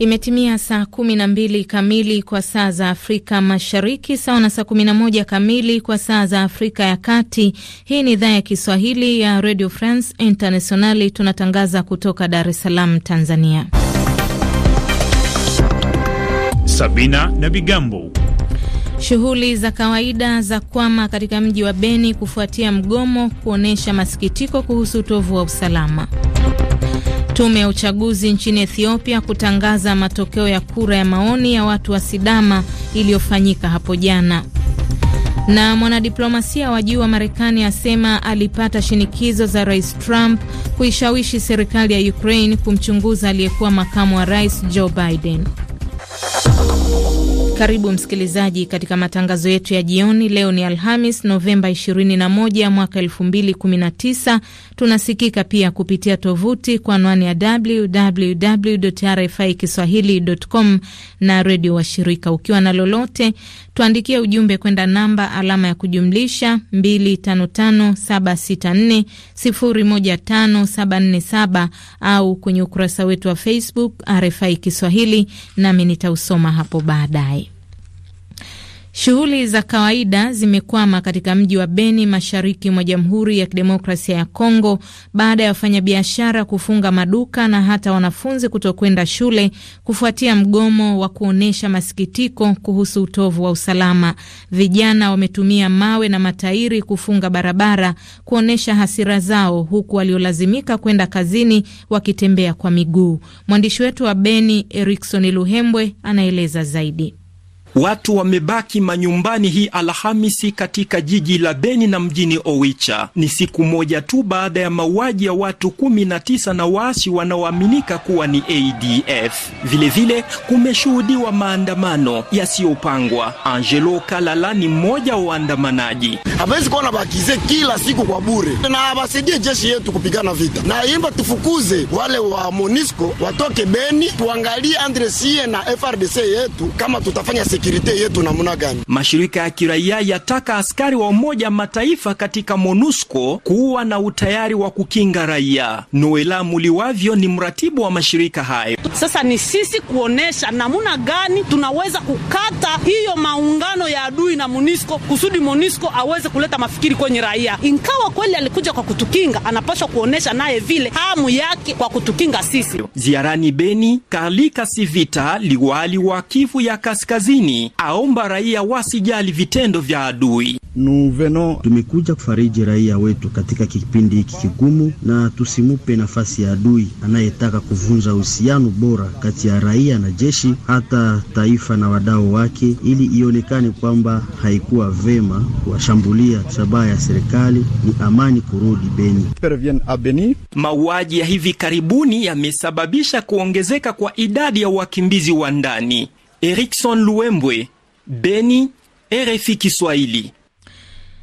Imetimia saa 12 kamili kwa saa za Afrika Mashariki, sawa na saa 11 kamili kwa saa za Afrika ya Kati. Hii ni idhaa ya Kiswahili ya Radio France Internationali, tunatangaza kutoka Dar es Salaam, Tanzania. Sabina na Bigambo. Shughuli za kawaida za kwama katika mji wa Beni kufuatia mgomo kuonyesha masikitiko kuhusu utovu wa usalama. Tume ya uchaguzi nchini Ethiopia kutangaza matokeo ya kura ya maoni ya watu wa Sidama iliyofanyika hapo jana. Na mwanadiplomasia wa juu wa Marekani asema alipata shinikizo za Rais Trump kuishawishi serikali ya Ukraine kumchunguza aliyekuwa makamu wa rais Joe Biden. Karibu msikilizaji katika matangazo yetu ya jioni. Leo ni Alhamis, Novemba 21 mwaka 2019. Tunasikika pia kupitia tovuti kwa anwani ya www RFI kiswahilicom na redio washirika. Ukiwa na lolote, tuandikia ujumbe kwenda namba alama ya kujumlisha 255764015747 au kwenye ukurasa wetu wa Facebook RFI Kiswahili, nami nitausoma hapo baadaye. Shughuli za kawaida zimekwama katika mji wa Beni mashariki mwa Jamhuri ya Kidemokrasia ya Kongo baada ya wafanyabiashara kufunga maduka na hata wanafunzi kutokwenda shule kufuatia mgomo wa kuonyesha masikitiko kuhusu utovu wa usalama. Vijana wametumia mawe na matairi kufunga barabara kuonyesha hasira zao, huku waliolazimika kwenda kazini wakitembea kwa miguu. Mwandishi wetu wa Beni Erikson Luhembwe anaeleza zaidi. Watu wamebaki manyumbani hii Alhamisi katika jiji la Beni na mjini Owicha. Ni siku moja tu baada ya mauaji ya watu kumi na tisa na waasi wanaoaminika kuwa ni ADF. Vilevile kumeshuhudiwa maandamano yasiyopangwa. Angelo Kalala ni mmoja wa waandamanaji. Hawezi kuwa nabakize kila siku kwa bure na awasaidie jeshi yetu kupigana vita, na imba tufukuze wale wa MONISCO watoke Beni, tuangalie Andresie na FRDC yetu kama tutafanya sekirite yetu namna gani. Mashirika ya kiraia yataka askari wa Umoja Mataifa katika MONUSCO kuwa na utayari wa kukinga raia. Noela Muliwavyo ni mratibu wa mashirika hayo. Sasa ni sisi kuonesha namna gani tunaweza kukata hiyo maungano ya adui na MONUSCO kusudi MONUSCO aweze kuleta mafikiri kwenye raia. Ingawa kweli alikuja kwa kutukinga, anapaswa kuonesha naye vile hamu yake kwa kutukinga sisi. Ziarani Beni, Kalika Sivita, liwali wa Kivu ya Kaskazini Kusini aomba raia wasijali vitendo vya adui. Nuveno, tumekuja kufariji raia wetu katika kipindi hiki kigumu, na tusimupe nafasi ya adui anayetaka kuvunja uhusiano bora kati ya raia na jeshi, hata taifa na wadau wake, ili ionekane kwamba haikuwa vema kuwashambulia. Shabaha ya serikali ni amani kurudi Beni. Mauaji ya hivi karibuni yamesababisha kuongezeka kwa idadi ya wakimbizi wa ndani. Erikson Luembwe, Beni, RFI Kiswahili.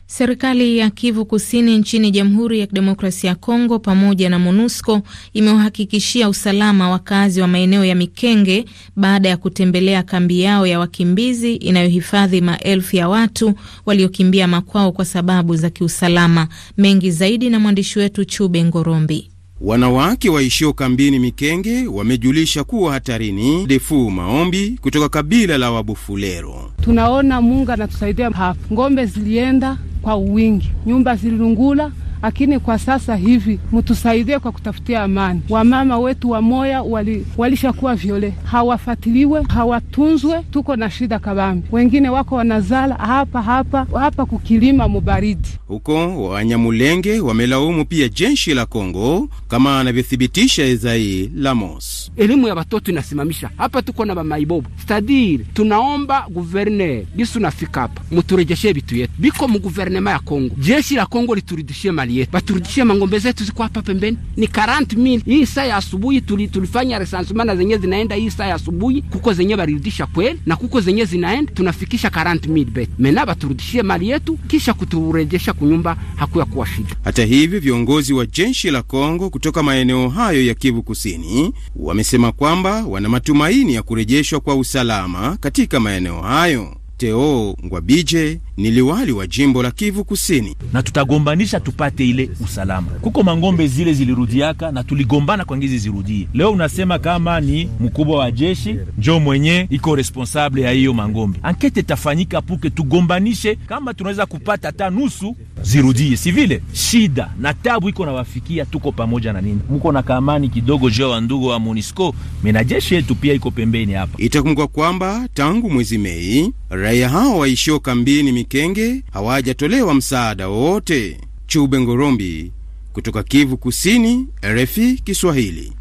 Serikali ya Kivu Kusini nchini Jamhuri ya Kidemokrasia ya Kongo pamoja na MONUSCO imewahakikishia usalama wakazi wa maeneo ya Mikenge baada ya kutembelea kambi yao ya wakimbizi inayohifadhi maelfu ya watu waliokimbia makwao kwa sababu za kiusalama. Mengi zaidi na mwandishi wetu Chube Ngorombi. Wanawake waishio kambini Mikenge wamejulisha kuwa hatarini. Defu Maombi kutoka kabila la Wabufulero: tunaona Mungu anatusaidia hapo, ng'ombe zilienda kwa wingi, nyumba zililungula lakini kwa sasa hivi mtusaidie kwa kutafutia amani. Wamama wetu wa moya wali, walishakuwa vyole, hawafatiliwe hawatunzwe, tuko na shida kabambi. Wengine wako wanazala hapa hapa hapa kukilima mubaridi huko. Wanyamulenge wamelaumu pia jeshi la Kongo kama anavyothibitisha Ezai Lamos. Elimu ya watoto inasimamisha hapa, tuko na bamaibobo stadiri, tunaomba guverner gisu nafika hapa muturejeshe vitu yetu biko muguvernema ya Kongo, jeshi la Kongo liturudishie mali serikali yetu baturudishie mang'ombe zetu, ziko hapa pembeni ni 40000 hii saa ya asubuhi tuli, tulifanya recensement zenye zinaenda hii saa ya asubuhi, kuko zenye barudisha kweli na kuko zenye zinaenda tunafikisha 40000 bet mena baturudishie mali yetu kisha kuturejesha kunyumba, hakuya kuwa shida. Hata hivyo viongozi wa jeshi la Kongo kutoka maeneo hayo ya Kivu Kusini wamesema kwamba wana matumaini ya kurejeshwa kwa usalama katika maeneo hayo. Teo Ngwabije ni liwali wa jimbo la Kivu Kusini. Na tutagombanisha tupate ile usalama. Kuko mangombe zile zilirudiaka na tuligombana kwa ngizi zirudie. Leo unasema kama ni mkubwa wa jeshi njo mwenye iko responsable ya hiyo mangombe. Ankete tafanyika puke tugombanishe kama tunaweza kupata hata nusu zirudie. Si vile shida na tabu iko nawafikia, tuko pamoja na nini? Mko na kaamani kidogo jeo wa ndugu wa Monisco, mena jeshi yetu pia iko pembeni hapa. Itakumbuka kwamba tangu mwezi Mei Raia hao waishio kambini Mikenge hawajatolewa msaada wowote. Chube Ngorombi kutoka Kivu Kusini, RFI Kiswahili.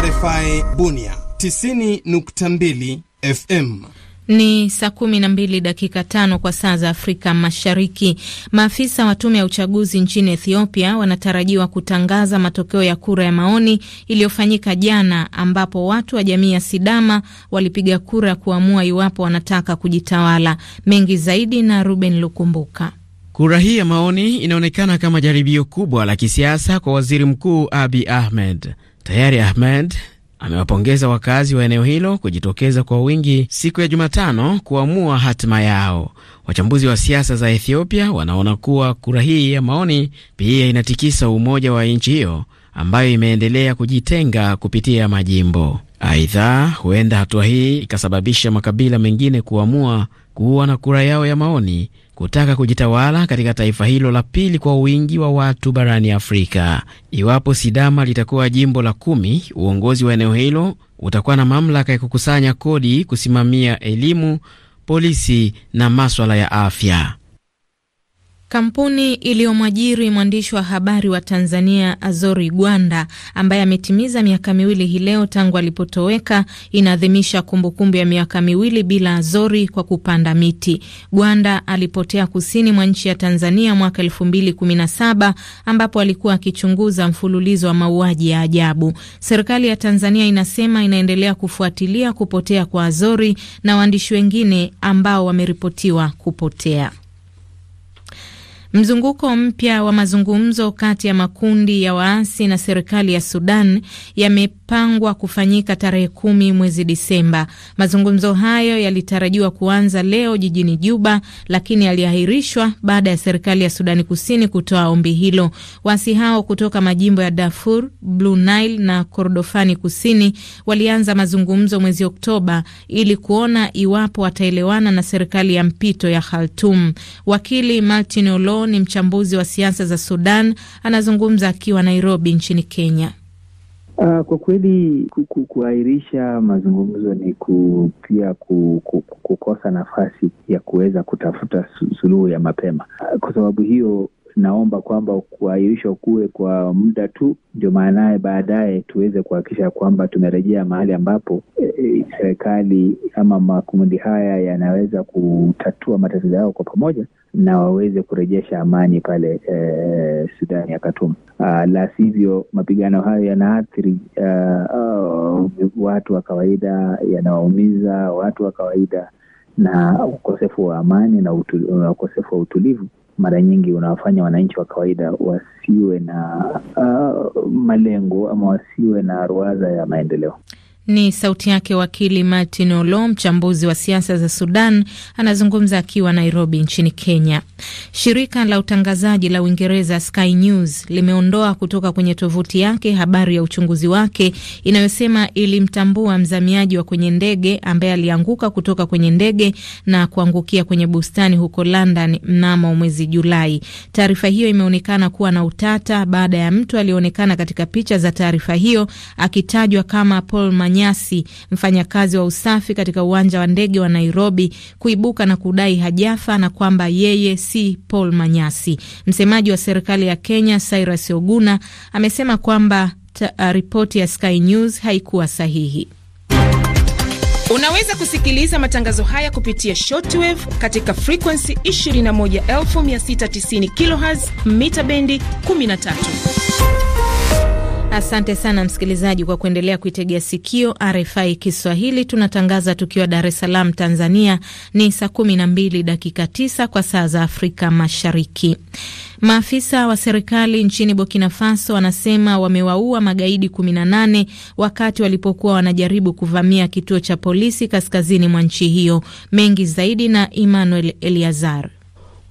RFI Bunia 90.2 FM. Ni saa kumi na mbili dakika tano kwa saa za Afrika Mashariki. Maafisa wa tume ya uchaguzi nchini Ethiopia wanatarajiwa kutangaza matokeo ya kura ya maoni iliyofanyika jana, ambapo watu wa jamii ya Sidama walipiga kura ya kuamua iwapo wanataka kujitawala. Mengi zaidi na Ruben Lukumbuka. Kura hii ya maoni inaonekana kama jaribio kubwa la kisiasa kwa waziri mkuu Abi Ahmed. Tayari Ahmed amewapongeza wakazi wa eneo hilo kujitokeza kwa wingi siku ya Jumatano kuamua hatima yao. Wachambuzi wa siasa za Ethiopia wanaona kuwa kura hii ya maoni pia inatikisa umoja wa nchi hiyo ambayo imeendelea kujitenga kupitia majimbo. Aidha, huenda hatua hii ikasababisha makabila mengine kuamua kuwa na kura yao ya maoni kutaka kujitawala katika taifa hilo la pili kwa wingi wa watu barani Afrika. Iwapo Sidama litakuwa jimbo la kumi, uongozi wa eneo hilo utakuwa na mamlaka ya kukusanya kodi, kusimamia elimu, polisi na maswala ya afya. Kampuni iliyomwajiri mwandishi wa habari wa Tanzania Azori Gwanda ambaye ametimiza miaka miwili hii leo tangu alipotoweka inaadhimisha kumbukumbu ya miaka miwili bila Azori kwa kupanda miti. Gwanda alipotea kusini mwa nchi ya Tanzania mwaka elfu mbili kumi na saba ambapo alikuwa akichunguza mfululizo wa mauaji ya ajabu. Serikali ya Tanzania inasema inaendelea kufuatilia kupotea kwa Azori na waandishi wengine ambao wameripotiwa kupotea. Mzunguko mpya wa mazungumzo kati ya makundi ya waasi na serikali ya Sudan yamepangwa kufanyika tarehe kumi mwezi Disemba. Mazungumzo hayo yalitarajiwa kuanza leo jijini Juba, lakini yaliahirishwa baada ya serikali ya Sudani Kusini kutoa ombi hilo. Waasi hao kutoka majimbo ya Darfur, Blue Nile na Kordofani Kusini walianza mazungumzo mwezi Oktoba ili kuona iwapo wataelewana na serikali ya mpito ya Khartum. Wakili Martin Olo ni mchambuzi wa siasa za Sudan, anazungumza akiwa Nairobi nchini Kenya. Uh, kwa kweli kuahirisha mazungumzo ni ku, pia ku, ku, kukosa nafasi ya kuweza kutafuta suluhu ya mapema. Uh, kwa sababu hiyo tunaomba kwamba kuahirishwa kuwe kwa muda tu, ndio maanaye baadaye tuweze kuhakikisha kwamba tumerejea mahali ambapo e, serikali ama makundi haya yanaweza kutatua matatizo yao kwa pamoja na waweze kurejesha amani pale e, Sudani ya Khartoum. Ah, la sivyo mapigano hayo yanaathiri ah, oh, watu wa kawaida, yanawaumiza watu wa kawaida na ukosefu wa amani na ukosefu wa utulivu mara nyingi unawafanya wananchi wa kawaida wasiwe na uh, malengo ama wasiwe na ruaza ya maendeleo. Ni sauti yake wakili Martin Olo, mchambuzi wa siasa za Sudan, anazungumza akiwa Nairobi nchini Kenya. Shirika la utangazaji la Uingereza Sky News limeondoa kutoka kwenye tovuti yake habari ya uchunguzi wake inayosema ilimtambua mzamiaji wa kwenye ndege ambaye alianguka kutoka kwenye ndege na kuangukia kwenye bustani huko London mnamo mwezi Julai. Taarifa hiyo imeonekana kuwa na utata baada ya mtu aliyeonekana katika picha za taarifa hiyo akitajwa kama Paul Manyasi, mfanyakazi wa usafi katika uwanja wa ndege wa Nairobi, kuibuka na kudai hajafa na kwamba yeye si Paul Manyasi. Msemaji wa serikali ya Kenya Cyrus Oguna amesema kwamba uh, ripoti ya Sky News haikuwa sahihi. Unaweza kusikiliza matangazo haya kupitia shortwave katika frekuensi 21690 kHz mita bendi 13. Asante sana msikilizaji kwa kuendelea kuitegea sikio RFI Kiswahili. Tunatangaza tukiwa Dar es Salaam, Tanzania. Ni saa kumi na mbili dakika tisa kwa saa za Afrika Mashariki. Maafisa wa serikali nchini Burkina Faso wanasema wamewaua magaidi 18 wakati walipokuwa wanajaribu kuvamia kituo cha polisi kaskazini mwa nchi hiyo. Mengi zaidi na Emmanuel Eliazar.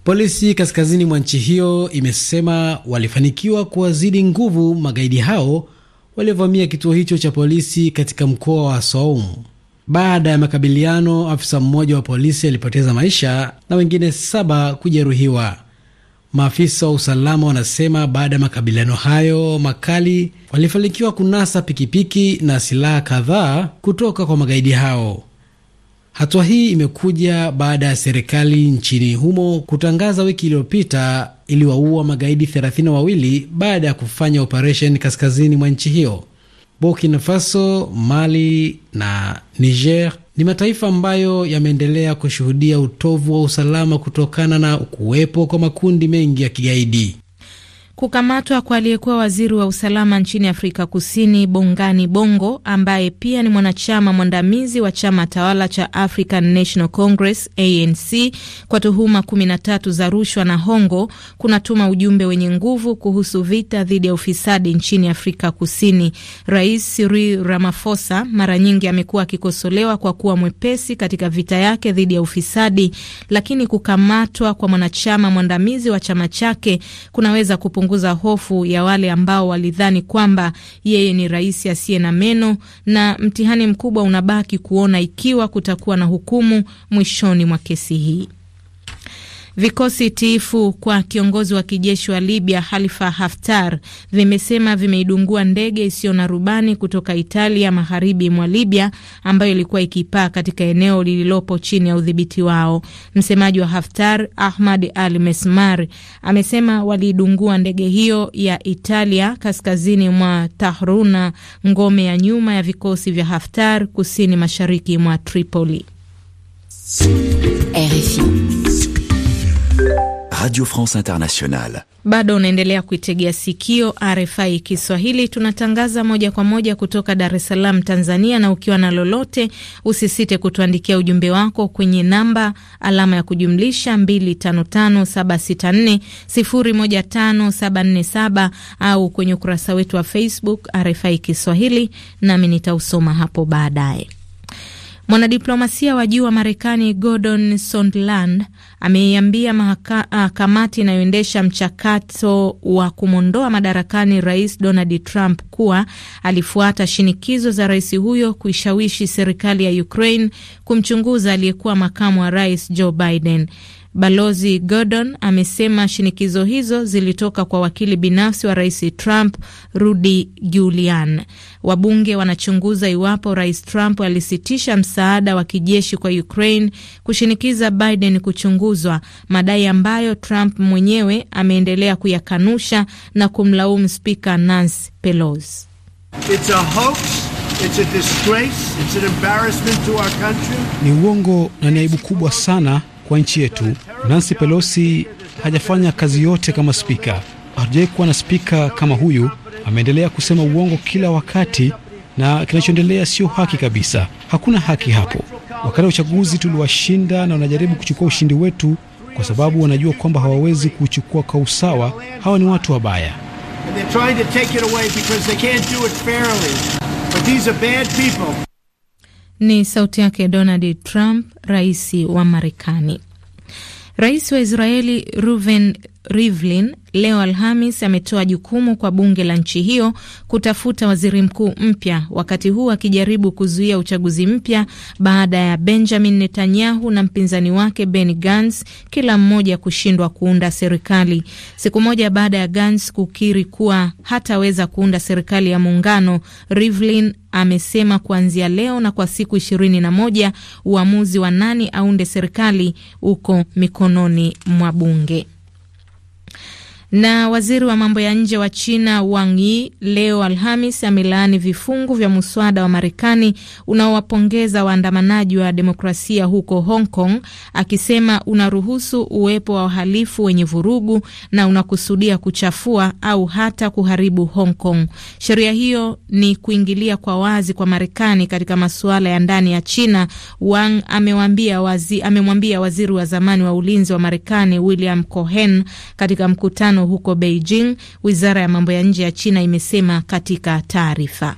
Polisi kaskazini mwa nchi hiyo imesema walifanikiwa kuwazidi nguvu magaidi hao waliovamia kituo hicho cha polisi katika mkoa wa Soum. Baada ya makabiliano, afisa mmoja wa polisi alipoteza maisha na wengine saba kujeruhiwa. Maafisa wa usalama wanasema baada ya makabiliano hayo makali, walifanikiwa kunasa pikipiki na silaha kadhaa kutoka kwa magaidi hao. Hatua hii imekuja baada ya serikali nchini humo kutangaza wiki iliyopita iliwaua magaidi thelathini wawili baada ya kufanya operesheni kaskazini mwa nchi hiyo. Burkina Faso, Mali na Niger ni mataifa ambayo yameendelea kushuhudia utovu wa usalama kutokana na kuwepo kwa makundi mengi ya kigaidi. Kukamatwa kwa aliyekuwa waziri wa usalama nchini Afrika Kusini, Bongani Bongo, ambaye pia ni mwanachama mwandamizi wa chama tawala cha African National Congress ANC kwa tuhuma 13 za rushwa na hongo kunatuma ujumbe wenye nguvu kuhusu vita dhidi ya ufisadi nchini Afrika Kusini. Rais Cyril Ramaphosa mara nyingi amekuwa akikosolewa kwa kuwa mwepesi katika vita yake dhidi ya ufisadi, lakini kukamatwa kwa mwanachama mwandamizi wa chama chake kunaweza kupu kupunguza hofu ya wale ambao walidhani kwamba yeye ni rais asiye na meno, na mtihani mkubwa unabaki kuona ikiwa kutakuwa na hukumu mwishoni mwa kesi hii. Vikosi tiifu kwa kiongozi wa kijeshi wa Libya Khalifa Haftar vimesema vimeidungua ndege isiyo na rubani kutoka Italia magharibi mwa Libya ambayo ilikuwa ikipaa katika eneo lililopo chini ya udhibiti wao. Msemaji wa Haftar Ahmad Al Mesmar amesema waliidungua ndege hiyo ya Italia kaskazini mwa Tahruna, ngome ya nyuma ya vikosi vya Haftar kusini mashariki mwa Tripoli. RFI. Radio France Internationale. Bado unaendelea kuitegea sikio RFI Kiswahili, tunatangaza moja kwa moja kutoka Dar es Salaam, Tanzania. Na ukiwa na lolote, usisite kutuandikia ujumbe wako kwenye namba alama ya kujumlisha 255764015747 au kwenye ukurasa wetu wa Facebook RFI Kiswahili, nami nitausoma hapo baadaye. Mwanadiplomasia wa juu wa Marekani Gordon Sondland ameiambia mahaka, ah, kamati inayoendesha mchakato wa kumwondoa madarakani rais Donald Trump kuwa alifuata shinikizo za rais huyo kuishawishi serikali ya Ukraine kumchunguza aliyekuwa makamu wa rais Joe Biden. Balozi Gordon amesema shinikizo hizo zilitoka kwa wakili binafsi wa rais Trump, Rudy Giuliani. Wabunge wanachunguza iwapo rais Trump alisitisha msaada wa kijeshi kwa Ukraine kushinikiza Biden kuchunguzwa, madai ambayo Trump mwenyewe ameendelea kuyakanusha na kumlaumu spika Nancy Pelosi. It's a hoax. It's a disgrace. It's an embarrassment to our country. Ni uongo na ni aibu kubwa sana kwa nchi yetu. Nancy Pelosi hajafanya kazi yote kama spika, hatujawai kuwa na spika kama huyu. Ameendelea kusema uongo kila wakati, na kinachoendelea sio haki kabisa. Hakuna haki hapo. Wakati wa uchaguzi tuliwashinda, na wanajaribu kuchukua ushindi wetu kwa sababu wanajua kwamba hawawezi kuchukua kwa usawa. Hawa ni watu wabaya. Ni sauti yake Donald Trump, rais wa Marekani. Rais wa Israeli ruven Rivlin leo Alhamis ametoa jukumu kwa bunge la nchi hiyo kutafuta waziri mkuu mpya, wakati huu akijaribu kuzuia uchaguzi mpya baada ya Benjamin Netanyahu na mpinzani wake Benny Gantz kila mmoja kushindwa kuunda serikali. Siku moja baada ya Gantz kukiri kuwa hataweza kuunda serikali ya muungano, Rivlin amesema kuanzia leo na kwa siku ishirini na moja uamuzi wa nani aunde serikali uko mikononi mwa bunge. Na waziri wa mambo ya nje wa China Wang Yi leo Alhamis amelaani vifungu vya muswada wa Marekani unaowapongeza waandamanaji wa demokrasia huko Hong Kong, akisema unaruhusu uwepo wa wahalifu wenye vurugu na unakusudia kuchafua au hata kuharibu Hong Kong. Sheria hiyo ni kuingilia kwa wazi kwa Marekani katika masuala ya ndani ya China, Wang amemwambia wazi, amemwambia waziri wa zamani wa ulinzi wa Marekani William Cohen katika mkutano huko Beijing, wizara ya mambo ya nje ya China imesema katika taarifa.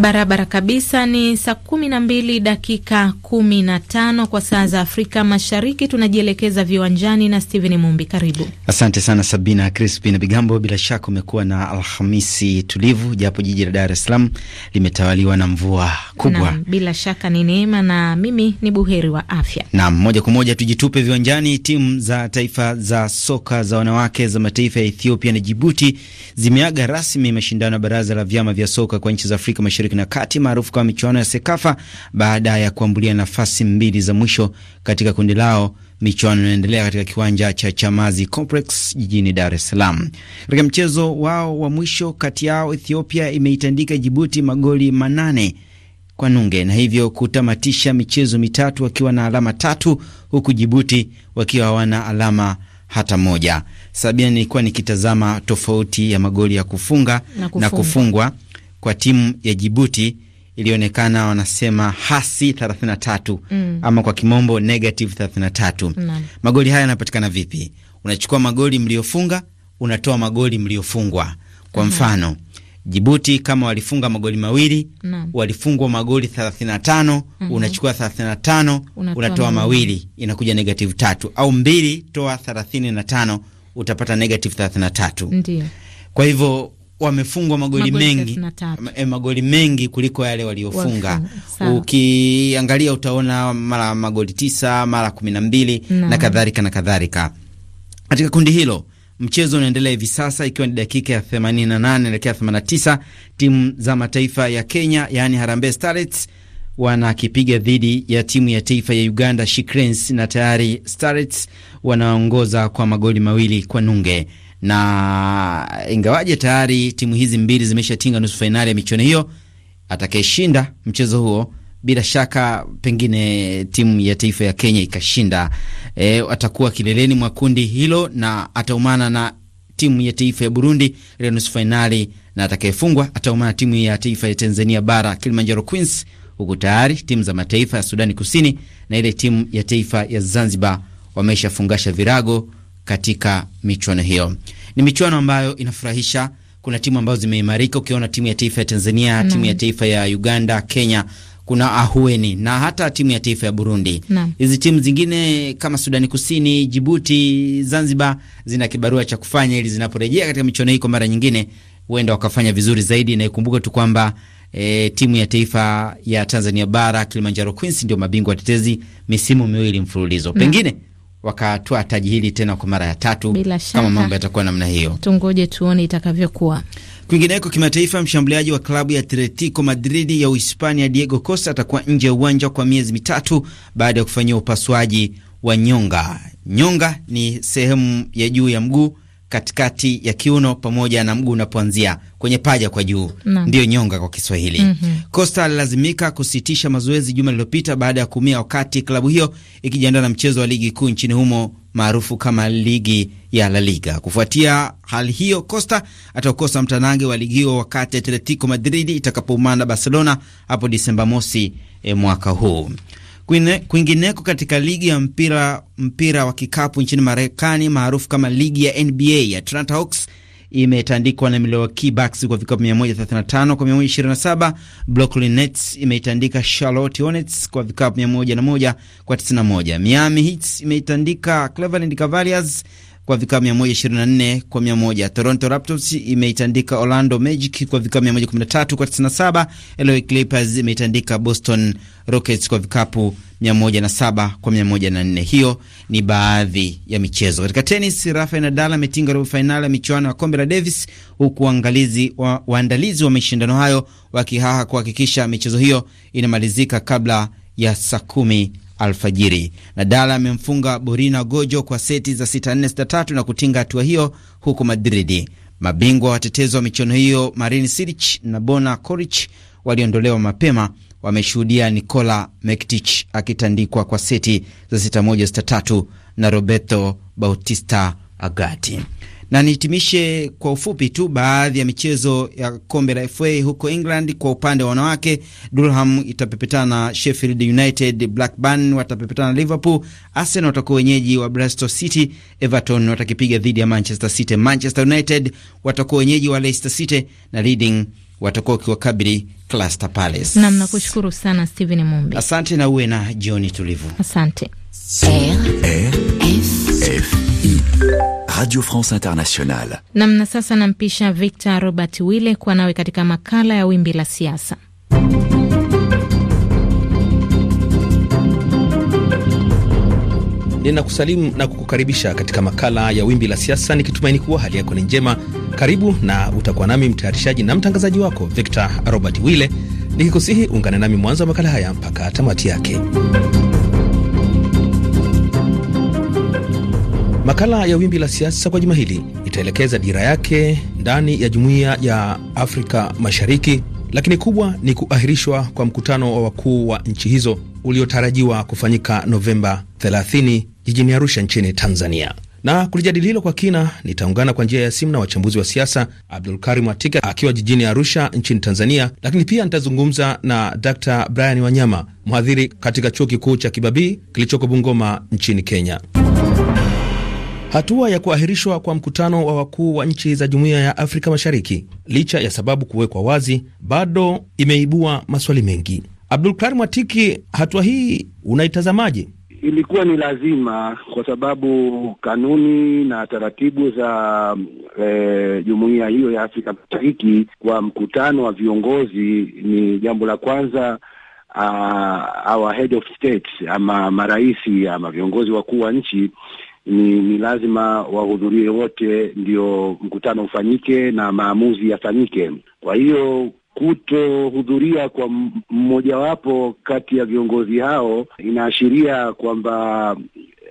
Barabara kabisa ni saa kumi na mbili dakika kumi na tano kwa saa za Afrika Mashariki. Tunajielekeza viwanjani na Steven Mumbi, karibu. Asante sana Sabina Crispi na Bigambo. Bila shaka umekuwa na Alhamisi tulivu, japo jiji la Dar es Salaam limetawaliwa na mvua kubwa. Na Bila shaka ni neema, na mimi ni buheri wa afya. Naam, moja kwa moja tujitupe viwanjani. Timu za taifa za soka za wanawake za mataifa ya Ethiopia na Jibuti zimeaga rasmi mashindano ya baraza la vyama vya soka kwa nchi za Afrika Mashariki Mashariki na Kati maarufu kama michuano ya Sekafa baada ya kuambulia nafasi mbili za mwisho katika kundi lao. Michuano inaendelea katika kiwanja cha Chamazi Complex jijini Dar es Salaam. Katika mchezo wao wa mwisho kati yao, Ethiopia imeitandika Jibuti magoli manane kwa nunge na hivyo kutamatisha michezo mitatu wakiwa na alama tatu huku Jibuti wakiwa hawana alama hata moja. Sabia, nilikuwa nikitazama tofauti ya magoli ya kufunga na, kufunga. na kufungwa kwa timu ya Jibuti ilionekana wanasema hasi 33 mm. ama kwa kimombo negative 33. Mm. Magoli haya yanapatikana vipi? Unachukua magoli mliofunga, unatoa magoli mliofungwa. Kwa mfano mm. Jibuti kama walifunga magoli mawili mm. walifungwa magoli 35 mm -hmm. unachukua 35 unatoa, unatoa mawili inakuja negative tatu, au mbili toa 35 utapata negative 33. Ndiyo. Kwa hivyo wamefungwa magoli, magoli mengi e, magoli mengi kuliko yale waliofunga. Ukiangalia utaona mara magoli tisa mara kumi na mbili na kadhalika na kadhalika. Katika kundi hilo mchezo unaendelea hivi sasa ikiwa ni dakika ya 88 naelekea 89, timu za mataifa ya Kenya yaani Harambee Starlets wanakipiga dhidi ya timu ya taifa ya Uganda Shikrens, na tayari Starlets wanaongoza kwa magoli mawili kwa nunge na ingawaje tayari timu hizi mbili zimeshatinga nusu fainali ya michuano hiyo, atakayeshinda mchezo huo bila shaka pengine timu ya taifa ya Kenya ikashinda, e, atakuwa kileleni mwa kundi hilo na ataumana na timu ya taifa ya Burundi ile nusu fainali, na atakayefungwa ataumana timu ya taifa ya Tanzania bara Kilimanjaro Queens, huku tayari timu za mataifa ya Sudani Kusini na ile timu ya taifa ya Zanzibar wameshafungasha virago katika michuano hiyo. Ni michuano ambayo inafurahisha. Kuna timu ambazo zimeimarika, ukiona timu ya taifa ya Tanzania, mm. timu ya taifa ya Uganda, Kenya kuna ahueni na hata timu ya taifa ya Burundi. Hizi timu zingine kama Sudani Kusini, Jibuti, Zanzibar zina kibarua cha kufanya ili zinaporejea katika michuano hii kwa mara nyingine, huenda wakafanya vizuri zaidi, na ikumbuke tu kwamba e, timu ya taifa ya Tanzania bara Kilimanjaro Queens ndio mabingwa watetezi misimu miwili mfululizo. Pengine wakatoa taji hili tena kwa mara ya tatu. Bila shaka, kama mambo yatakuwa namna hiyo, tungoje tuone itakavyokuwa. Kwingineko kimataifa, mshambuliaji wa klabu ya Atletico Madrid ya Uhispania Diego Costa atakuwa nje ya uwanja kwa miezi mitatu baada ya kufanyia upasuaji wa nyonga. Nyonga ni sehemu ya juu ya mguu katikati ya kiuno pamoja na mguu unapoanzia kwenye paja kwa juu, ndiyo nyonga kwa Kiswahili. mm -hmm. Costa alilazimika kusitisha mazoezi juma lililopita baada ya kuumia, wakati klabu hiyo ikijiandaa na mchezo wa ligi kuu nchini humo maarufu kama ligi ya La Liga. Kufuatia hali hiyo, Costa atakosa mtanange wa ligi hiyo wakati Atletico Madrid itakapoumana Barcelona hapo Disemba mosi eh, mwaka huu. Kwingineko katika ligi ya mpira, mpira wa kikapu nchini Marekani maarufu kama ligi ya NBA, Atlanta Hawks imetandikwa na Milwaukee Bucks kwa vikapu 135 kwa 127. Brooklyn Nets imeitandika Charlotte Hornets kwa vikapu 101 kwa 91. Miami Heat imeitandika Cleveland Cavaliers kwa vikao 124 kwa 100. Toronto Raptors imeitandika Orlando Magic kwa vikao 113 kwa 97. LA Clippers imeitandika Boston Rockets kwa vikapu 107 kwa 104. Hiyo ni baadhi ya michezo. Katika tenis, Rafael Nadal ametinga robo fainali ya michuano ya kombe la Davis, huku waangalizi wa, waandalizi wa mashindano hayo wakihaha kuhakikisha michezo hiyo inamalizika kabla ya saa kumi alfajiri. Nadal amemfunga Borina Gojo kwa seti za 6-4, 6-3 na kutinga hatua hiyo huko Madridi. Mabingwa watetezi wa michuano hiyo Marin Silic na Bona Koric waliondolewa mapema wameshuhudia Nikola mektich akitandikwa kwa seti za 6-1, 6-3 na Roberto Bautista Agati. Na nihitimishe kwa ufupi tu baadhi ya michezo ya kombe la FA huko England. Kwa upande wa wanawake, Durham itapepetana na Sheffield United, Blackburn watapepetana na Liverpool, Arsenal watakuwa wenyeji wa Bristol City, Everton watakipiga dhidi ya Manchester City, Manchester United watakuwa wenyeji wa Leicester City na Reading watakuwa wakiwakabili Crystal Palace. Nam, nakushukuru sana Steven Mumbi, asante na uwe na jioni tulivu, asante R e F F Radio France Internationale. Namna sasa, nampisha Victor Robert Wille kuwa nawe katika makala ya wimbi la siasa. Ninakusalimu na kukukaribisha katika makala ya wimbi la siasa, nikitumaini kuwa hali yako ni njema. Karibu na utakuwa nami mtayarishaji na mtangazaji wako Victor Robert Wille, nikikusihi ungane nami mwanzo wa makala haya mpaka tamati yake. Makala ya Wimbi la Siasa kwa juma hili itaelekeza dira yake ndani ya Jumuiya ya Afrika Mashariki, lakini kubwa ni kuahirishwa kwa mkutano wa wakuu wa nchi hizo uliotarajiwa kufanyika Novemba 30 jijini Arusha nchini Tanzania. Na kulijadili hilo kwa kina, nitaungana kwa njia ya simu na wachambuzi wa siasa, Abdulkarim Atika akiwa jijini Arusha nchini Tanzania, lakini pia nitazungumza na Dr Brian Wanyama, mhadhiri katika chuo kikuu cha Kibabii kilichoko Bungoma nchini Kenya. Hatua ya kuahirishwa kwa mkutano wa wakuu wa nchi za Jumuiya ya Afrika Mashariki, licha ya sababu kuwekwa wazi, bado imeibua maswali mengi. abdul Abdulkarim Mwatiki, hatua hii unaitazamaje? Ilikuwa ni lazima kwa sababu kanuni na taratibu za e, jumuiya hiyo ya Afrika Mashariki kwa mkutano wa viongozi ni jambo la kwanza. Uh, our head of state ama maraisi ama viongozi wakuu wa nchi ni, ni lazima wahudhurie wote ndio mkutano ufanyike na maamuzi yafanyike. Kwa hiyo kutohudhuria kwa mmojawapo kati ya viongozi hao inaashiria kwamba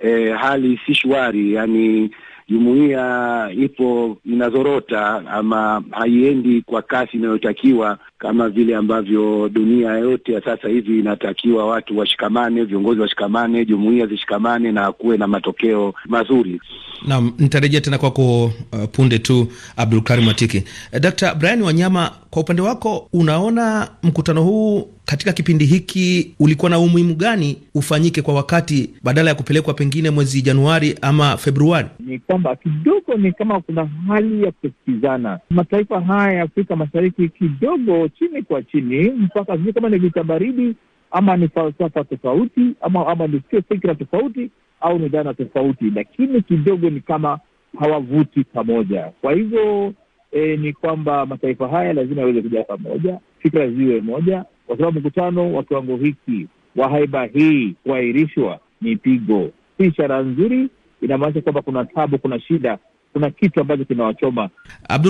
e, hali si shwari, yani jumuiya ipo inazorota ama haiendi kwa kasi inayotakiwa kama vile ambavyo dunia yote ya sasa hivi inatakiwa watu washikamane, viongozi washikamane, jumuiya zishikamane na kuwe na matokeo mazuri. Naam, nitarejea tena kwako uh, punde tu, Abdulkarim Matiki. Eh, Dkt. Brian Wanyama, kwa upande wako unaona mkutano huu katika kipindi hiki ulikuwa na umuhimu gani ufanyike kwa wakati badala ya kupelekwa pengine mwezi Januari ama Februari? Ni kwamba kidogo ni kama kuna hali ya kusikizana mataifa haya ya Afrika Mashariki kidogo chini kwa chini mpaka sijui kama ni vita baridi ama ni falsafa tofauti ama ama ni sio fikra tofauti au ni dhana tofauti, lakini kidogo ni kama hawavuti pamoja. Kwa hivyo e, ni kwamba mataifa haya lazima yaweze kuja pamoja, fikra ziwe moja, kwa sababu mkutano wa kiwango hiki wa haiba hii kuahirishwa ni pigo, si ishara nzuri. Inamaanisha kwamba kuna tabu, kuna shida kuna kitu ambacho kinawachoma.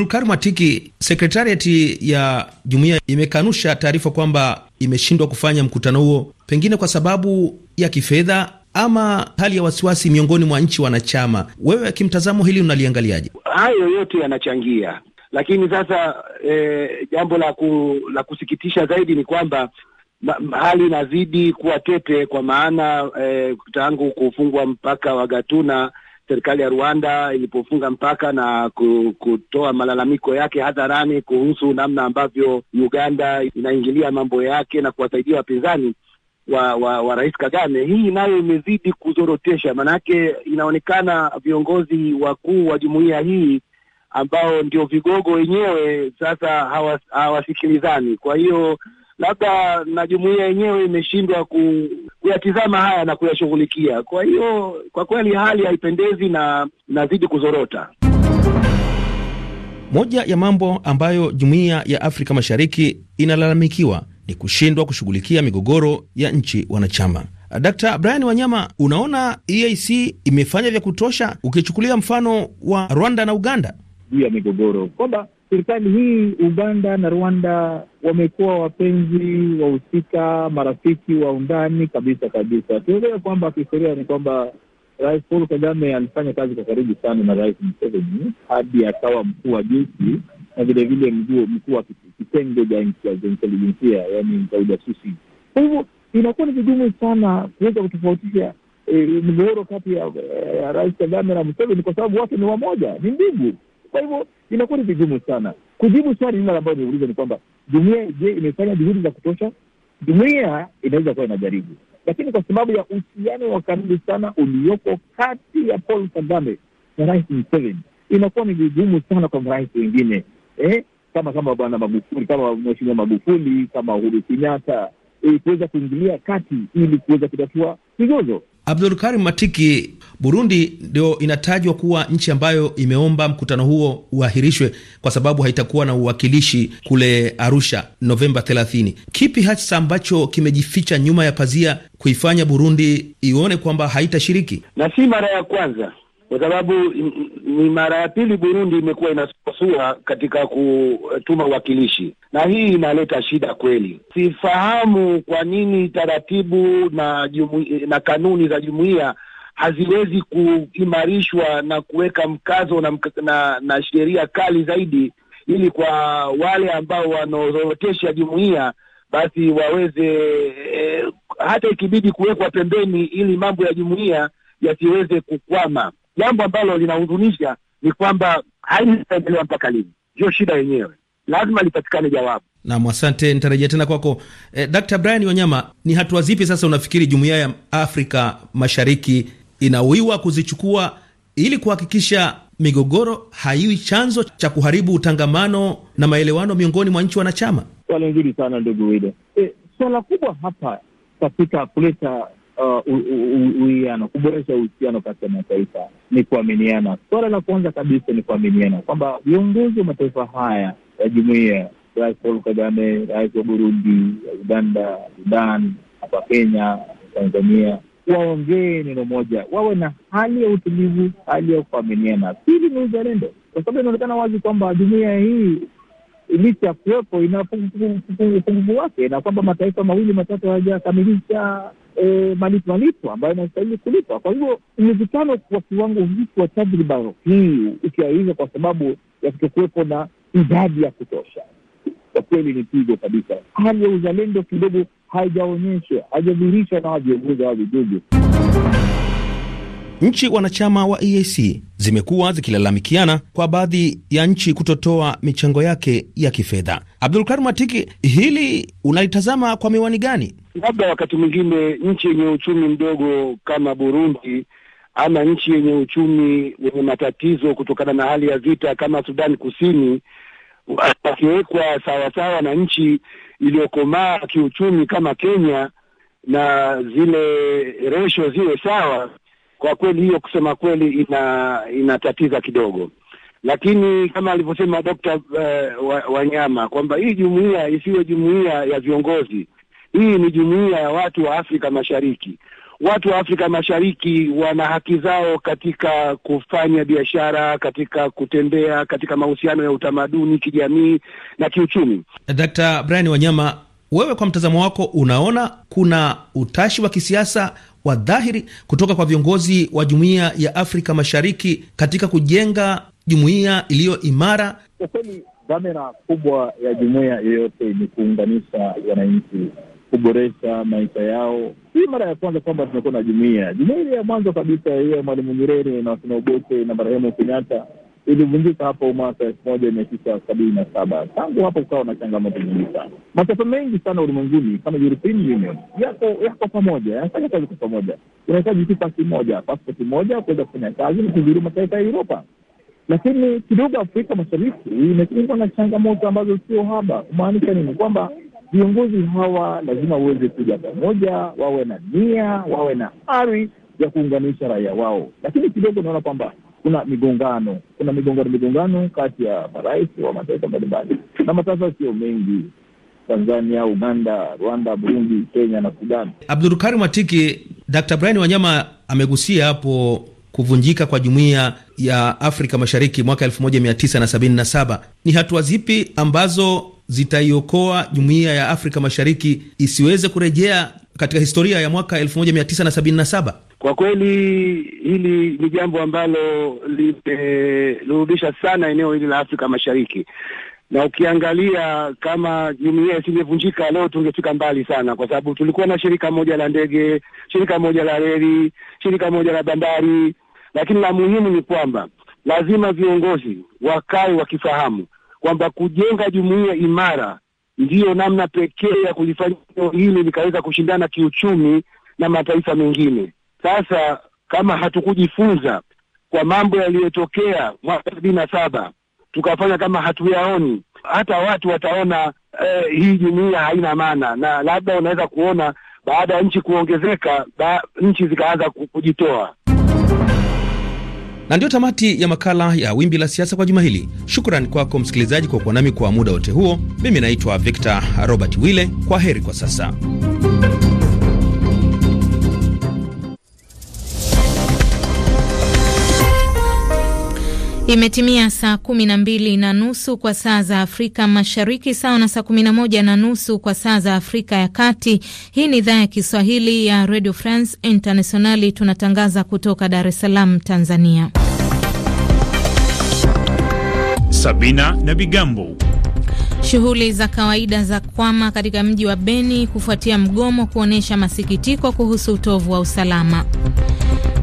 Karim Atiki, sekretariati ya jumuiya imekanusha taarifa kwamba imeshindwa kufanya mkutano huo, pengine kwa sababu ya kifedha ama hali ya wasiwasi miongoni mwa nchi wanachama. Wewe kimtazamo hili unaliangaliaje? Hayo yote yanachangia, lakini sasa e, jambo la, ku, la kusikitisha zaidi ni kwamba hali inazidi kuwa tete kwa maana e, tangu kufungwa mpaka wa Gatuna serikali ya Rwanda ilipofunga mpaka na kutoa malalamiko yake hadharani kuhusu namna ambavyo Uganda inaingilia mambo yake na kuwasaidia wapinzani wa, wa, wa Rais Kagame. Hii nayo imezidi kuzorotesha, maanake inaonekana viongozi wakuu wa jumuiya hii ambao ndio vigogo wenyewe sasa hawasikilizani, hawasikilizani. Kwa hiyo labda na jumuiya yenyewe imeshindwa ku, kuyatizama haya na kuyashughulikia. Kwa hiyo kwa kweli hali haipendezi na inazidi kuzorota. Moja ya mambo ambayo jumuiya ya Afrika Mashariki inalalamikiwa ni kushindwa kushughulikia migogoro ya nchi wanachama. Dkt. Brian Wanyama, unaona EAC imefanya vya kutosha ukichukulia mfano wa Rwanda na Uganda juu ya migogoro kwamba serikali hii Uganda na Rwanda wamekuwa wapenzi, wahusika, marafiki wa undani kabisa kabisa. Tuelewe kwamba kihistoria ni kwamba Rais Paul Kagame alifanya kazi kwa karibu sana na Rais Museveni hadi akawa mkuu wa jeshi na vilevile mkuu wa kitengo cha intelijensia, yani za ujasusi. Kwa hivyo inakuwa ni vigumu sana kuweza kutofautisha eh, mgogoro kati eh, ya Rais Kagame na Museveni kwa sababu wake ni wamoja, ni ndugu. Kwa hivyo inakuwa ni vigumu sana kujibu swali hilo ambayo nimeuliza, ni kwamba jumuia, je, imefanya juhudi za kutosha? Jumuia inaweza kuwa inajaribu, lakini kwa sababu ya uhusiano wa karibu sana ulioko kati ya Paul Kagame na Rais Museveni, inakuwa ni vigumu sana kwa marais wengine eh? kama kama Bwana Magufuli, kama Mheshimiwa Magufuli, kama Uhuru Kenyatta, ili eh, kuweza kuingilia kati ili kuweza kutatua mizozo. Abdulkarim Matiki, Burundi ndio inatajwa kuwa nchi ambayo imeomba mkutano huo uahirishwe kwa sababu haitakuwa na uwakilishi kule Arusha Novemba 30. Kipi hasa ambacho kimejificha nyuma ya pazia kuifanya Burundi ione kwamba haitashiriki? Na si mara ya kwanza kwa sababu ni mara ya pili Burundi imekuwa inasuasua katika kutuma uwakilishi, na hii inaleta shida kweli. Sifahamu kwa nini taratibu na jumu, na kanuni za jumuiya haziwezi kuimarishwa na kuweka mkazo na, na, na sheria kali zaidi, ili kwa wale ambao wanaozorotesha jumuiya basi waweze eh, hata ikibidi kuwekwa pembeni, ili mambo ya jumuiya yasiweze kukwama. Jambo ambalo linahuzunisha ni kwamba hali itaendelea mpaka lini? Ndio shida yenyewe, lazima lipatikane jawabu. Nam, asante. Nitarejea tena kwako eh, Dkt. Brian Wanyama, ni hatua zipi sasa unafikiri jumuiya ya Afrika Mashariki inawiwa kuzichukua ili kuhakikisha migogoro haiwi chanzo cha kuharibu utangamano na maelewano miongoni mwa nchi wanachama? Swali nzuri sana ndugu Wida. E, eh, swala kubwa hapa katika kuleta Uh, uwiano, kuboresha uhusiano kati ya mataifa ni kuaminiana. Suala la kwanza kabisa ni kuaminiana kwamba viongozi wa mataifa haya ya jumuia Rais Paul Kagame, rais wa Burundi, Uganda, Sudan, hapa Kenya, Tanzania, waongee neno moja, wawe na hali ya utulivu, hali ya kuaminiana. Pili ni uzalendo, kwa sababu inaonekana wazi kwamba jumuia hii licha ya kuwepo ina upungufu wake, na kwamba mataifa mawili matatu hayajakamilisha e, malipo malipo ambayo inastahili kulipa. Kwa hivyo mvutano kwa kiwango hiki wa tajriba hii ukiaiza kwa sababu ya kutokuwepo na idadi ya kutosha, kwa kweli ni pigo kabisa. Hali ya uzalendo kidogo haijaonyeshwa, haijadhihirishwa na viongozi wa vidugu. Nchi wanachama wa EAC zimekuwa zikilalamikiana kwa baadhi ya nchi kutotoa michango yake ya kifedha. Abdulkarim Atiki, hili unalitazama kwa miwani gani? labda wakati mwingine nchi yenye uchumi mdogo kama Burundi ama nchi yenye uchumi wenye matatizo kutokana na hali ya vita kama sudani Kusini wakiwekwa sawasawa na nchi iliyokomaa kiuchumi kama Kenya na zile resho ziwe sawa, kwa kweli hiyo kusema kweli ina inatatiza kidogo, lakini kama alivyosema Dokta uh, Wanyama kwamba hii jumuiya isiwe jumuiya ya viongozi hii ni jumuiya ya watu wa Afrika Mashariki. Watu wa Afrika Mashariki wana haki zao katika kufanya biashara, katika kutembea, katika mahusiano ya utamaduni, kijamii na kiuchumi. Dkt. Brian Wanyama, wewe kwa mtazamo wako unaona kuna utashi wa kisiasa wa dhahiri kutoka kwa viongozi wa jumuiya ya Afrika Mashariki katika kujenga jumuiya iliyo imara? Kwa kweli, dhamira kubwa ya jumuiya yoyote ni kuunganisha wananchi kuboresha maisha yao. Si mara ya kwanza kwamba tumekuwa na jumuia. Jumuia ile ya mwanzo kabisa hiyo ya Mwalimu Nyerere na wakina Obote na marehemu Kenyatta ilivunjika hapo mwaka elfu moja mia tisa sabini na saba. Tangu hapo kukawa na changamoto nyingi sana. Mataifa mengi sana ulimwenguni kama European Union yako yako pamoja, yanafanya kazi kwa pamoja. Unahitaji tu pasi moja, paspoti moja kuweza kufanya kazi na kuzuru mataifa ya Uropa lakini kidogo Afrika Mashariki imekumbwa na changamoto ambazo sio haba. Kumaanisha nini? Kwamba Viongozi hawa lazima waweze kuja pamoja, wawe na nia, wawe na ari ya kuunganisha raia wao, lakini kidogo naona kwamba kuna migongano, kuna migongano, migongano kati ya marais wa mataifa mbalimbali, na mataifa sio mengi Tanzania, Uganda, Rwanda, Burundi, Kenya na Sudan. Abdulkarim Matiki, Dr. Brian Wanyama amegusia hapo kuvunjika kwa jumuiya ya Afrika Mashariki mwaka 1977. Ni hatua zipi ambazo zitaiokoa jumuiya ya Afrika Mashariki isiweze kurejea katika historia ya mwaka 1977? Kwa kweli hili ni jambo ambalo limerudisha sana eneo hili la Afrika Mashariki na ukiangalia kama jumuiya isingevunjika leo tungefika mbali sana, kwa sababu tulikuwa na shirika moja la ndege, shirika moja la reli, shirika moja la bandari. Lakini la muhimu ni kwamba lazima viongozi wakae wakifahamu kwamba kujenga jumuiya imara ndiyo namna pekee ya kulifanya eneo hili likaweza kushindana kiuchumi na mataifa mengine. Sasa kama hatukujifunza kwa mambo yaliyotokea mwaka sabini na saba tukafanya kama hatuyaoni, hata watu wataona eh, hii jumuiya haina maana, na labda unaweza kuona baada ya nchi kuongezeka ba, nchi zikaanza kujitoa na ndiyo tamati ya makala ya Wimbi la Siasa kwa juma hili. Shukran kwako msikilizaji kwa kuwa nami kwa muda wote huo. Mimi naitwa Victor Robert Wille. Kwa heri kwa sasa. Imetimia saa kumi na mbili na nusu kwa saa za Afrika Mashariki, sawa na saa kumi na moja na nusu kwa saa za Afrika ya Kati. Hii ni idhaa ya Kiswahili ya Radio France Internationali, tunatangaza kutoka Dar es Salaam, Tanzania. Sabina na Bigambo. Shughuli za kawaida za kwama katika mji wa Beni kufuatia mgomo kuonyesha masikitiko kuhusu utovu wa usalama.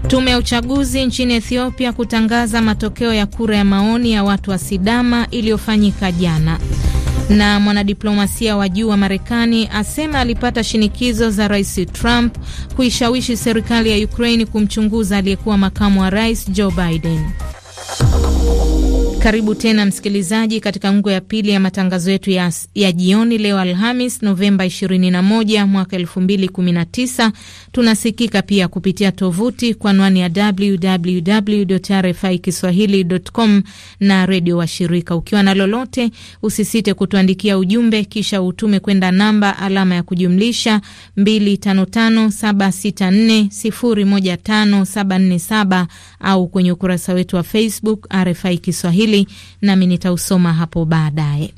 Tume ya uchaguzi nchini Ethiopia kutangaza matokeo ya kura ya maoni ya watu wa Sidama iliyofanyika jana. Na mwanadiplomasia wa juu wa Marekani asema alipata shinikizo za Rais Trump kuishawishi serikali ya Ukraini kumchunguza aliyekuwa makamu wa rais Joe Biden. Karibu tena msikilizaji, katika ngo ya pili ya matangazo yetu ya, ya jioni leo Alhamis Novemba 21 mwaka 2019. Tunasikika pia kupitia tovuti kwa anwani ya www RFI kiswahili.com na redio wa shirika Ukiwa na lolote, usisite kutuandikia ujumbe, kisha utume kwenda namba alama ya kujumlisha 255764015747 au kwenye ukurasa wetu wa Facebook RFI Kiswahili Kiswahili, nami nitausoma hapo baadaye.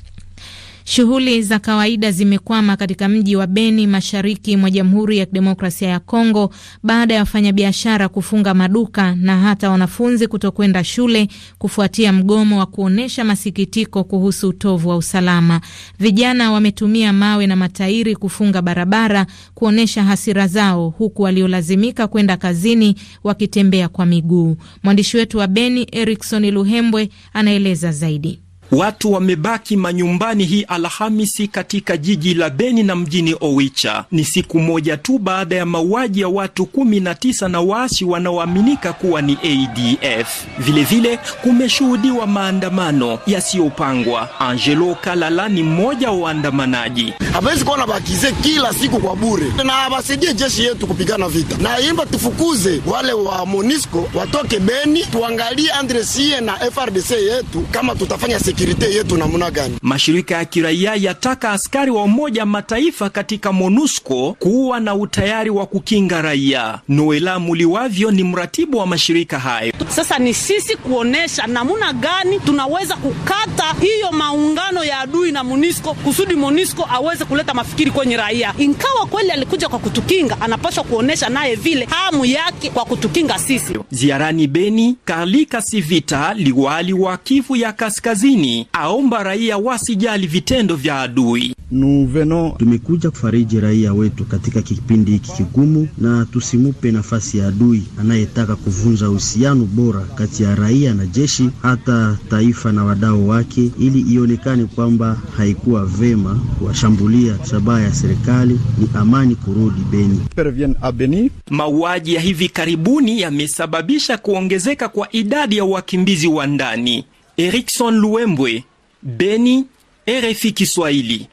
Shughuli za kawaida zimekwama katika mji wa Beni mashariki mwa Jamhuri ya Kidemokrasia ya Kongo baada ya wafanyabiashara kufunga maduka na hata wanafunzi kutokwenda shule kufuatia mgomo wa kuonyesha masikitiko kuhusu utovu wa usalama. Vijana wametumia mawe na matairi kufunga barabara kuonyesha hasira zao, huku waliolazimika kwenda kazini wakitembea kwa miguu. Mwandishi wetu wa Beni Erikson Luhembwe anaeleza zaidi. Watu wamebaki manyumbani hii Alhamisi katika jiji la Beni na mjini Owicha. Ni siku moja tu baada ya mauaji ya watu 19 na waasi wanaoaminika kuwa ni ADF. Vilevile kumeshuhudiwa maandamano yasiyopangwa. Angelo Kalala ni mmoja wa waandamanaji. Hawezi kuwa nabakize kila siku kwa bure na wasaidie jeshi yetu kupigana vita, na imba tufukuze wale wa MONUSCO watoke Beni, tuangalie andresie na FRDC yetu kama tutafanya seki sekirite yetu namna gani? Mashirika ya kiraia yataka askari wa Umoja Mataifa katika MONUSCO kuwa na utayari wa kukinga raia. Noela Muliwavyo ni mratibu wa mashirika hayo. Sasa ni sisi kuonesha namna gani tunaweza kukata hiyo maungano ya adui na MONUSCO kusudi MONUSCO aweze kuleta mafikiri kwenye raia. inkawa kweli alikuja kwa kutukinga, anapaswa kuonesha naye vile hamu yake kwa kutukinga sisi. Ziarani Beni, Kalika Sivita, liwali wa Kivu ya Kaskazini aomba raia wasijali vitendo vya adui. Nuveno, tumekuja kufariji raia wetu katika kipindi hiki kigumu, na tusimupe nafasi ya adui anayetaka kuvunja uhusiano bora kati ya raia na jeshi, hata taifa na wadau wake, ili ionekane kwamba haikuwa vema kuwashambulia. Shabaha ya serikali ni amani kurudi Beni. Mauaji ya hivi karibuni yamesababisha kuongezeka kwa idadi ya wakimbizi wa ndani. Erikson Luembwe, Beni, RFI Kiswahili.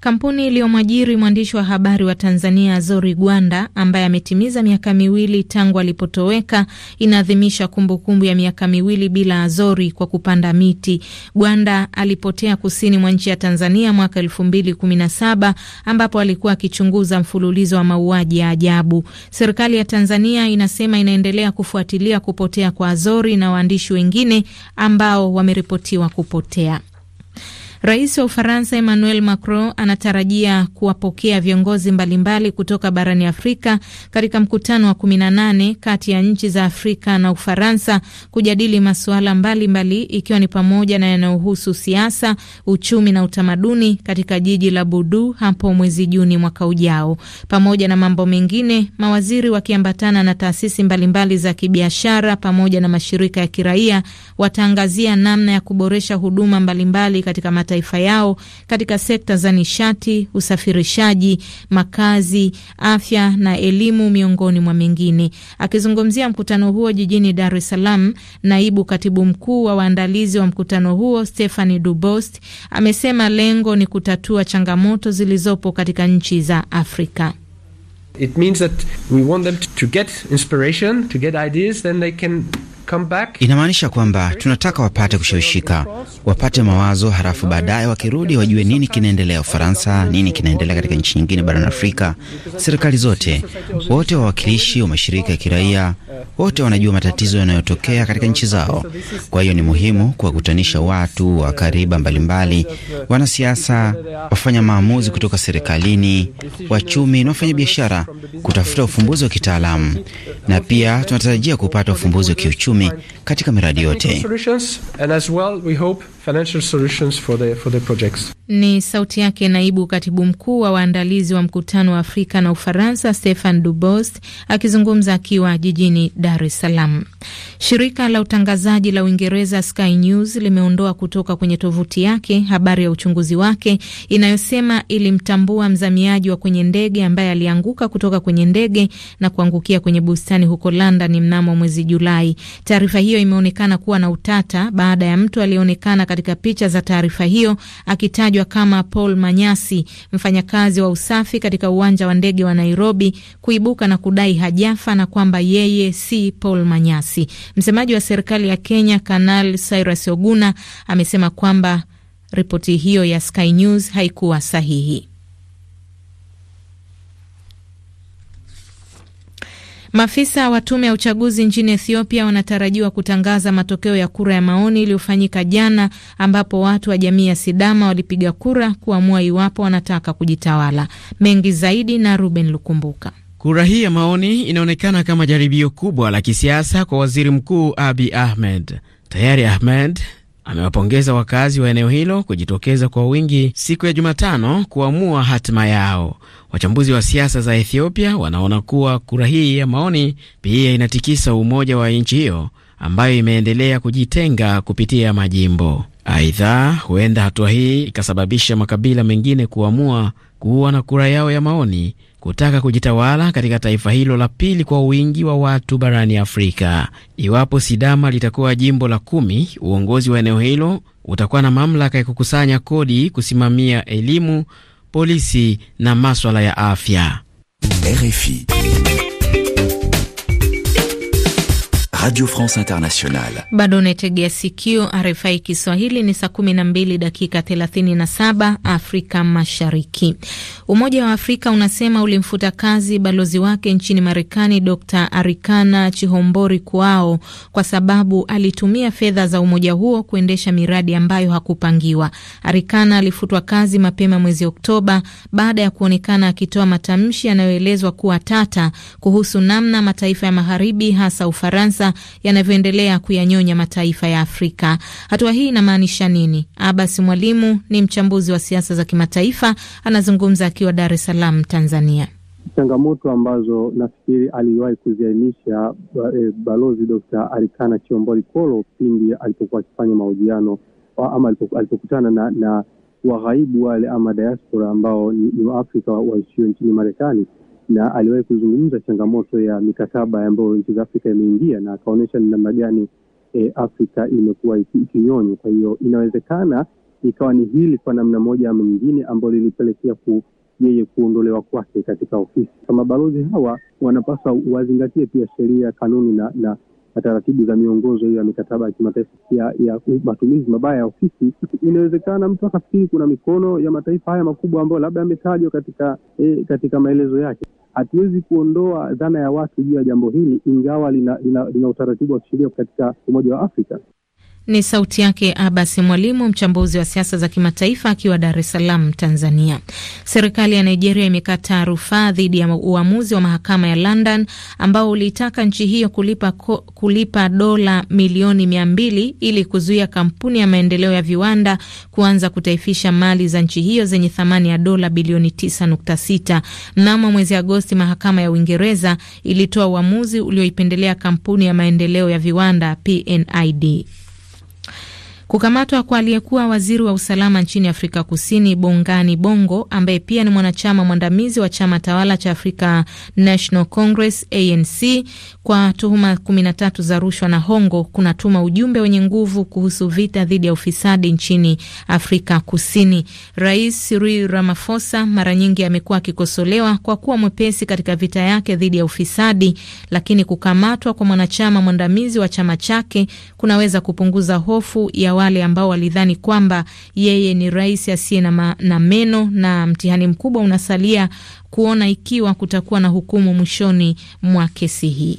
Kampuni iliyomwajiri mwandishi wa habari wa Tanzania Azori Gwanda ambaye ametimiza miaka miwili tangu alipotoweka inaadhimisha kumbukumbu ya miaka miwili bila Azori kwa kupanda miti. Gwanda alipotea kusini mwa nchi ya Tanzania mwaka elfu mbili kumi na saba ambapo alikuwa akichunguza mfululizo wa mauaji ya ajabu. Serikali ya Tanzania inasema inaendelea kufuatilia kupotea kwa Azori na waandishi wengine ambao wameripotiwa kupotea. Rais wa Ufaransa Emmanuel Macron anatarajia kuwapokea viongozi mbalimbali kutoka barani Afrika katika mkutano wa 18 kati ya nchi za Afrika na Ufaransa kujadili masuala mbalimbali ikiwa ni pamoja na yanayohusu siasa, uchumi na utamaduni katika jiji la Budu hapo mwezi Juni mwaka ujao. Pamoja na mambo mengine, mawaziri wakiambatana na taasisi mbalimbali za kibiashara pamoja na mashirika ya kiraia wataangazia namna ya kuboresha huduma mbalimbali katika mataifa yao katika sekta za nishati, usafirishaji, makazi, afya na elimu miongoni mwa mengine. Akizungumzia mkutano huo jijini Dar es Salaam, naibu katibu mkuu wa waandalizi wa mkutano huo Stephanie Dubost amesema lengo ni kutatua changamoto zilizopo katika nchi za Afrika. It means that we want them to get inspiration, to get ideas, then they can Inamaanisha kwamba tunataka wapate kushawishika, wapate mawazo, halafu baadaye wakirudi wajue nini kinaendelea Ufaransa, nini kinaendelea katika nchi nyingine barani Afrika. Serikali zote, wote wawakilishi wa mashirika ya kiraia, wote wanajua matatizo yanayotokea katika nchi zao. Kwa hiyo ni muhimu kuwakutanisha watu wa kariba mbalimbali, wanasiasa, wafanya maamuzi kutoka serikalini, wachumi na wafanya biashara, kutafuta ufumbuzi wa kitaalamu, na pia tunatarajia kupata ufumbuzi wa kiuchumi kumi katika miradi yote financial solutions for the, for the projects. Ni sauti yake naibu katibu mkuu wa waandalizi wa mkutano wa Afrika na Ufaransa Stefan Dubost akizungumza akiwa jijini Dar es Salaam. Shirika la utangazaji la Uingereza Sky News limeondoa kutoka kwenye tovuti yake habari ya uchunguzi wake inayosema ilimtambua mzamiaji wa kwenye ndege ambaye alianguka kutoka kwenye ndege na kuangukia kwenye bustani huko London mnamo mwezi Julai. Taarifa hiyo imeonekana kuwa na utata baada ya mtu aliyeonekana katika picha za taarifa hiyo akitajwa kama Paul Manyasi, mfanyakazi wa usafi katika uwanja wa ndege wa Nairobi, kuibuka na kudai hajafa na kwamba yeye si Paul Manyasi. Msemaji wa serikali ya Kenya Kanal Cyrus Oguna amesema kwamba ripoti hiyo ya Sky News haikuwa sahihi. Maafisa wa tume ya uchaguzi nchini Ethiopia wanatarajiwa kutangaza matokeo ya kura ya maoni iliyofanyika jana, ambapo watu wa jamii ya Sidama walipiga kura kuamua iwapo wanataka kujitawala. Mengi zaidi na Ruben Lukumbuka. Kura hii ya maoni inaonekana kama jaribio kubwa la kisiasa kwa waziri mkuu Abi Ahmed. Tayari Ahmed amewapongeza wakazi wa eneo hilo kujitokeza kwa wingi siku ya Jumatano kuamua hatima yao. Wachambuzi wa siasa za Ethiopia wanaona kuwa kura hii ya maoni pia inatikisa umoja wa nchi hiyo ambayo imeendelea kujitenga kupitia majimbo. Aidha, huenda hatua hii ikasababisha makabila mengine kuamua kuwa na kura yao ya maoni kutaka kujitawala katika taifa hilo la pili kwa wingi wa watu barani Afrika. Iwapo Sidama litakuwa jimbo la kumi, uongozi wa eneo hilo utakuwa na mamlaka ya kukusanya kodi, kusimamia elimu, polisi na maswala ya afya. RFI. Radio France Internationale. Bado unategea sikio RFI Kiswahili. Ni saa 12 dakika 37 Afrika Mashariki. Umoja wa Afrika unasema ulimfuta kazi balozi wake nchini Marekani Dr. Arikana Chihombori Kwao kwa sababu alitumia fedha za umoja huo kuendesha miradi ambayo hakupangiwa. Arikana alifutwa kazi mapema mwezi Oktoba baada ya kuonekana akitoa matamshi yanayoelezwa kuwa tata kuhusu namna mataifa ya Magharibi hasa Ufaransa yanavyoendelea kuyanyonya mataifa ya Afrika. Hatua hii inamaanisha nini? Abbas Mwalimu ni mchambuzi wa siasa za kimataifa, anazungumza akiwa Dar es Salaam, Tanzania. Changamoto ambazo nafikiri aliwahi kuziainisha e, Balozi d Arikana Chiomboli Kolo pindi alipokuwa akifanya mahojiano ama alipokutana na, na waghaibu wale ama diaspora ambao ni Waafrika waishio nchini Marekani na aliwahi kuzungumza changamoto ya mikataba ambayo nchi za Afrika imeingia na akaonyesha ni namna gani e, Afrika imekuwa ikinyonywa. Kwa hiyo inawezekana ikawa ni hili kwa namna moja ama nyingine ambayo lilipelekea ku yeye kuondolewa kwake katika ofisi. Kama balozi hawa wanapaswa wazingatie pia sheria, kanuni na, na na taratibu za miongozo hiyo ya mikataba ya kimataifa ya, ya matumizi mabaya ya ofisi. Inawezekana mtu akafikiri kuna mikono ya mataifa haya makubwa ambayo labda ametajwa katika, eh, katika maelezo yake. Hatuwezi kuondoa dhana ya watu juu ya jambo hili, ingawa lina, lina, lina utaratibu wa kisheria katika Umoja wa Afrika. Ni sauti yake Abbas Mwalimu, mchambuzi wa siasa za kimataifa akiwa Dar es Salaam, Tanzania. Serikali ya Nigeria imekataa rufaa dhidi ya uamuzi wa mahakama ya London ambao uliitaka nchi hiyo kulipa, kulipa dola milioni mia mbili ili kuzuia kampuni ya maendeleo ya viwanda kuanza kutaifisha mali za nchi hiyo zenye thamani ya dola bilioni 9.6. Mnamo mwezi Agosti, mahakama ya Uingereza ilitoa uamuzi ulioipendelea kampuni ya maendeleo ya viwanda PNID. Kukamatwa kwa aliyekuwa waziri wa usalama nchini Afrika Kusini Bongani Bongo, ambaye pia ni mwanachama mwandamizi wa chama tawala cha Afrika National Congress ANC kwa tuhuma 13 za rushwa na hongo kunatuma ujumbe wenye nguvu kuhusu vita dhidi ya ufisadi nchini Afrika Kusini. Rais Cyril Ramaphosa mara nyingi amekuwa akikosolewa kwa kuwa mwepesi katika vita yake dhidi ya ufisadi, lakini kukamatwa kwa mwanachama mwandamizi wa chama chake kunaweza kupunguza hofu ya wale ambao walidhani kwamba yeye ni rais asiye na, na meno, na mtihani mkubwa unasalia kuona ikiwa kutakuwa na hukumu mwishoni mwa kesi hii.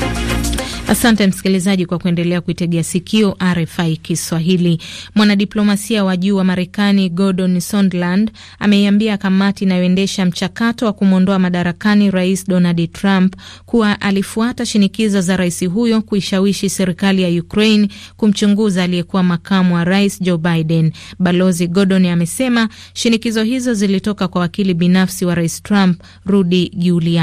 Asante msikilizaji kwa kuendelea kuitegea sikio RFI Kiswahili. Mwanadiplomasia wa juu wa Marekani Gordon Sondland ameiambia kamati inayoendesha mchakato wa kumwondoa madarakani Rais Donald Trump kuwa alifuata shinikizo za rais huyo kuishawishi serikali ya Ukraine kumchunguza aliyekuwa makamu wa rais Joe Biden. Balozi Gordon amesema shinikizo hizo zilitoka kwa wakili binafsi wa rais Trump, Rudy Giuliani.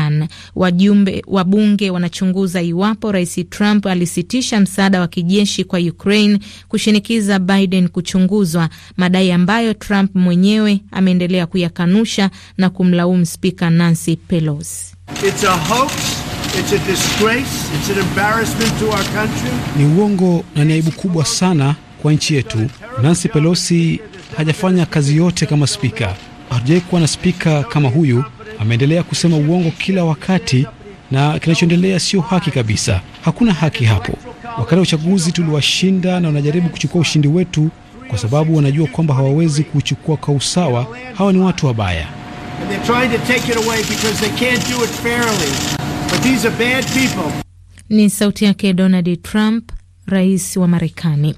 Wajumbe wabunge wanachunguza iwapo rais Trump Trump alisitisha msaada wa kijeshi kwa Ukraine kushinikiza Biden kuchunguzwa, madai ambayo Trump mwenyewe ameendelea kuyakanusha na kumlaumu spika Nancy Pelosi. It's a hoax. It's a disgrace. It's an embarrassment to our country. Ni uongo na ni aibu kubwa sana kwa nchi yetu. Nancy Pelosi hajafanya kazi yote kama spika, hatujawahi kuwa na spika kama huyu. Ameendelea kusema uongo kila wakati na kinachoendelea sio haki kabisa. Hakuna haki hapo. Wakati wa uchaguzi tuliwashinda, na wanajaribu kuchukua ushindi wetu kwa sababu wanajua kwamba hawawezi kuchukua kwa usawa. Hawa ni watu wabaya. Ni sauti yake Donald Trump, rais wa Marekani.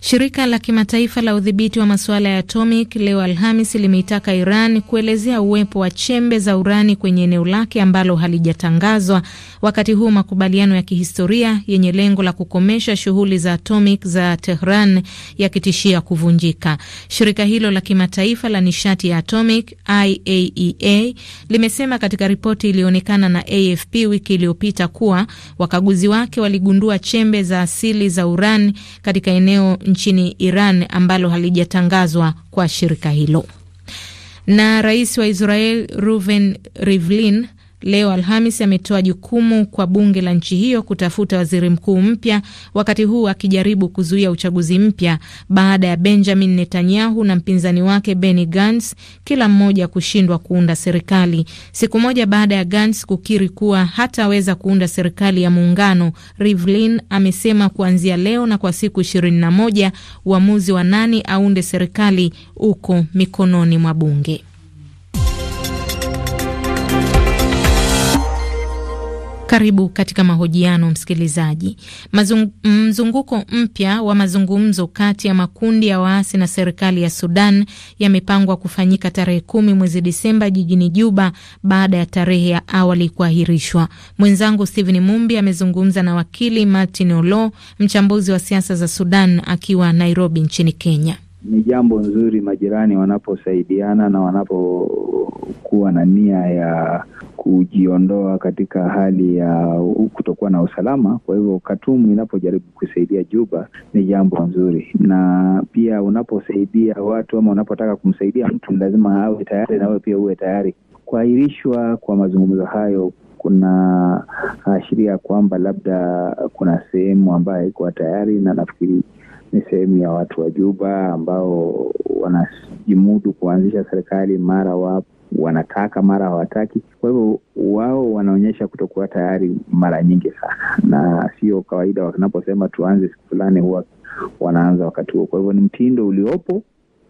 Shirika la kimataifa la udhibiti wa masuala ya atomic leo Alhamis limeitaka Iran kuelezea uwepo wa chembe za urani kwenye eneo lake ambalo halijatangazwa, wakati huu makubaliano ya kihistoria yenye lengo la kukomesha shughuli za atomic za Tehran yakitishia kuvunjika. Shirika hilo la kimataifa la nishati ya atomic IAEA e limesema katika ripoti iliyoonekana na AFP wiki iliyopita kuwa wakaguzi wake waligundua chembe za asili za urani katika eneo nchini Iran ambalo halijatangazwa kwa shirika hilo. Na rais wa Israel Reuven Rivlin leo Alhamis ametoa jukumu kwa bunge la nchi hiyo kutafuta waziri mkuu mpya, wakati huu akijaribu kuzuia uchaguzi mpya baada ya Benjamin Netanyahu na mpinzani wake Benny Gantz kila mmoja kushindwa kuunda serikali, siku moja baada ya Gantz kukiri kuwa hataweza kuunda serikali ya muungano. Rivlin amesema kuanzia leo na kwa siku ishirini na moja uamuzi wa nani aunde serikali uko mikononi mwa bunge. Karibu katika mahojiano msikilizaji. mzunguko mpya wa mazungumzo kati ya makundi ya waasi na serikali ya Sudan yamepangwa kufanyika tarehe kumi mwezi Disemba jijini Juba baada ya tarehe ya awali kuahirishwa. Mwenzangu Stephen Mumbi amezungumza na wakili Martin Olo, mchambuzi wa siasa za Sudan akiwa Nairobi nchini Kenya ni jambo nzuri majirani wanaposaidiana na wanapokuwa na nia ya kujiondoa katika hali ya kutokuwa na usalama. Kwa hivyo Katumu inapojaribu kusaidia Juba ni jambo nzuri, na pia unaposaidia watu ama unapotaka kumsaidia mtu lazima awe tayari nawe pia uwe tayari. Kuahirishwa kwa mazungumzo hayo kuna ashiria kwamba labda kuna sehemu ambayo haikuwa tayari, na nafikiri ni sehemu ya watu wa Juba ambao wanajimudu kuanzisha serikali mara wapo wanataka mara hawataki. Kwa hivyo wao wanaonyesha kutokuwa tayari mara nyingi sana, na sio kawaida. Wanaposema tuanze siku fulani, huwa wanaanza wakati huo. Kwa hivyo ni mtindo uliopo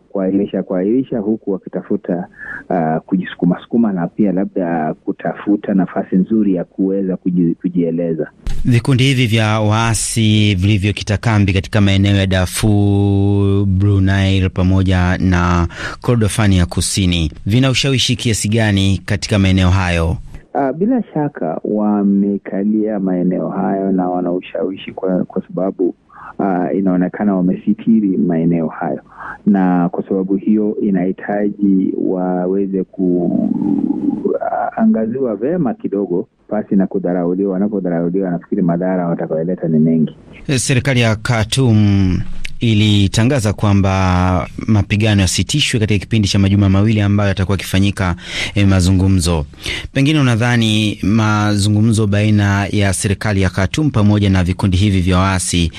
kuahirisha kuahirisha, huku wakitafuta uh, ah, kujisukumasukuma na pia labda kutafuta nafasi nzuri ya kuweza kujieleza. Vikundi hivi vya waasi vilivyokita kambi katika maeneo ya dafu Brunei pamoja na Kordofani ya kusini vina ushawishi kiasi gani katika maeneo hayo? Uh, bila shaka wamekalia maeneo hayo na wana ushawishi kwa, kwa sababu uh, inaonekana wamesitiri maeneo hayo, na kwa sababu hiyo inahitaji waweze kuangaziwa vema kidogo pasi na kudharauliwa. Wanapodharauliwa, nafikiri madhara watakayoleta ni mengi. Eh, serikali ya Khartoum ilitangaza kwamba mapigano yasitishwe katika kipindi cha majuma mawili ambayo yatakuwa yakifanyika eh, mazungumzo. Pengine unadhani mazungumzo baina ya serikali ya Khartoum pamoja na vikundi hivi vya waasi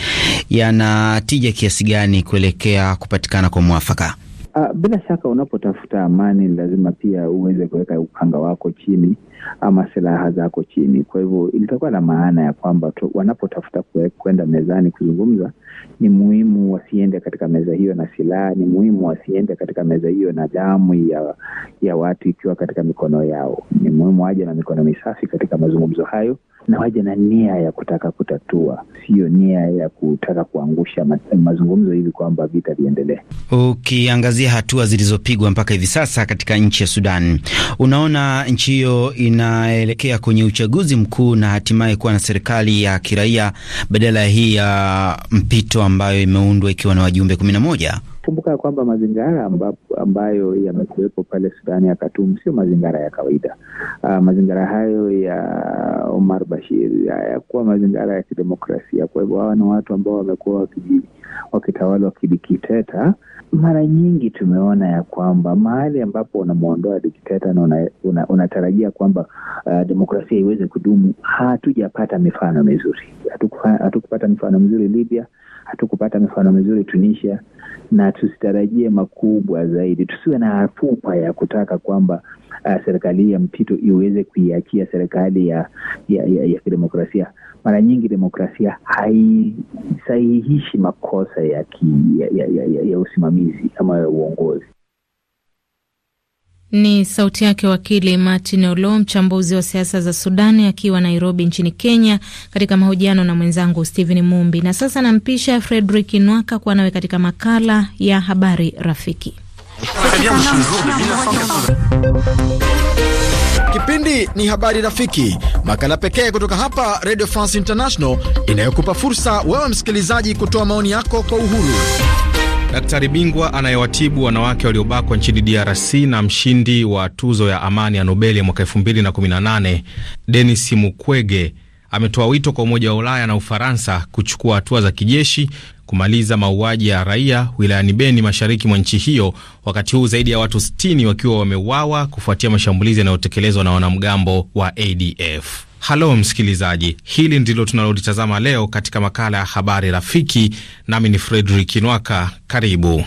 yanatija kiasi gani kuelekea kupatikana kwa mwafaka? Ah, bila shaka unapotafuta amani lazima pia uweze kuweka ukanga wako chini ama silaha zako chini. Kwa hivyo litakuwa na maana ya kwamba wanapotafuta kwenda mezani kuzungumza, ni muhimu wasiende katika meza hiyo na silaha, ni muhimu wasiende katika meza hiyo na damu ya, ya watu ikiwa katika mikono yao. Ni muhimu waje na mikono misafi katika mazungumzo hayo na waje na nia ya kutaka kutatua, siyo nia ya kutaka kuangusha mazungumzo hivi kwamba vita viendelee. Ukiangazia hatua zilizopigwa mpaka hivi sasa katika nchi ya Sudan, unaona nchi hiyo inaelekea kwenye uchaguzi mkuu na hatimaye kuwa na serikali ya kiraia badala hii ya mpito ambayo imeundwa ikiwa na wajumbe kumi na moja. Kumbuka kwamba mazingira ambayo yamekuwepo pale Sudani ya katumu sio mazingira ya kawaida. Uh, ah, mazingira hayo ya Omar Bashir hayakuwa mazingira ya kidemokrasia. Kwa hivyo hawa ni watu ambao wamekuwa wakitawala wakidikiteta mara nyingi tumeona ya kwamba mahali ambapo unamwondoa dikteta na unatarajia una, una kwamba uh, demokrasia iweze kudumu, hatujapata mifano mizuri. Hatukupata mifano mizuri Libya, hatukupata mifano mizuri Tunisia, na tusitarajie makubwa zaidi. Tusiwe na afupa ya kutaka kwamba uh, serikali ya mpito iweze kuiachia serikali ya, ya, ya, ya kidemokrasia. Mara nyingi demokrasia haisahihishi makosa ya, ki, ya, ya, ya, ya usimamizi ama ya uongozi. Ni sauti yake wakili Martin Olo, mchambuzi wa siasa za Sudani, akiwa Nairobi nchini Kenya, katika mahojiano na mwenzangu Stephen Mumbi. Na sasa nampisha Fredrik Nwaka kuwa nawe katika makala ya habari rafiki. Très bien jour de 1980. Kipindi ni habari rafiki, makala pekee kutoka hapa Radio France International inayokupa fursa wewe msikilizaji kutoa maoni yako kwa uhuru. Daktari bingwa anayewatibu wanawake waliobakwa nchini DRC na mshindi wa tuzo ya amani ya Nobel ya mwaka 2018 Denis Mukwege ametoa wito kwa Umoja wa Ulaya na Ufaransa kuchukua hatua za kijeshi kumaliza mauaji ya raia wilayani Beni, mashariki mwa nchi hiyo, wakati huu zaidi ya watu 60 wakiwa wameuawa kufuatia mashambulizi yanayotekelezwa na wanamgambo wa ADF. Halo msikilizaji, hili ndilo tunalolitazama leo katika makala ya habari rafiki, nami ni Fredrik Inwaka. Karibu.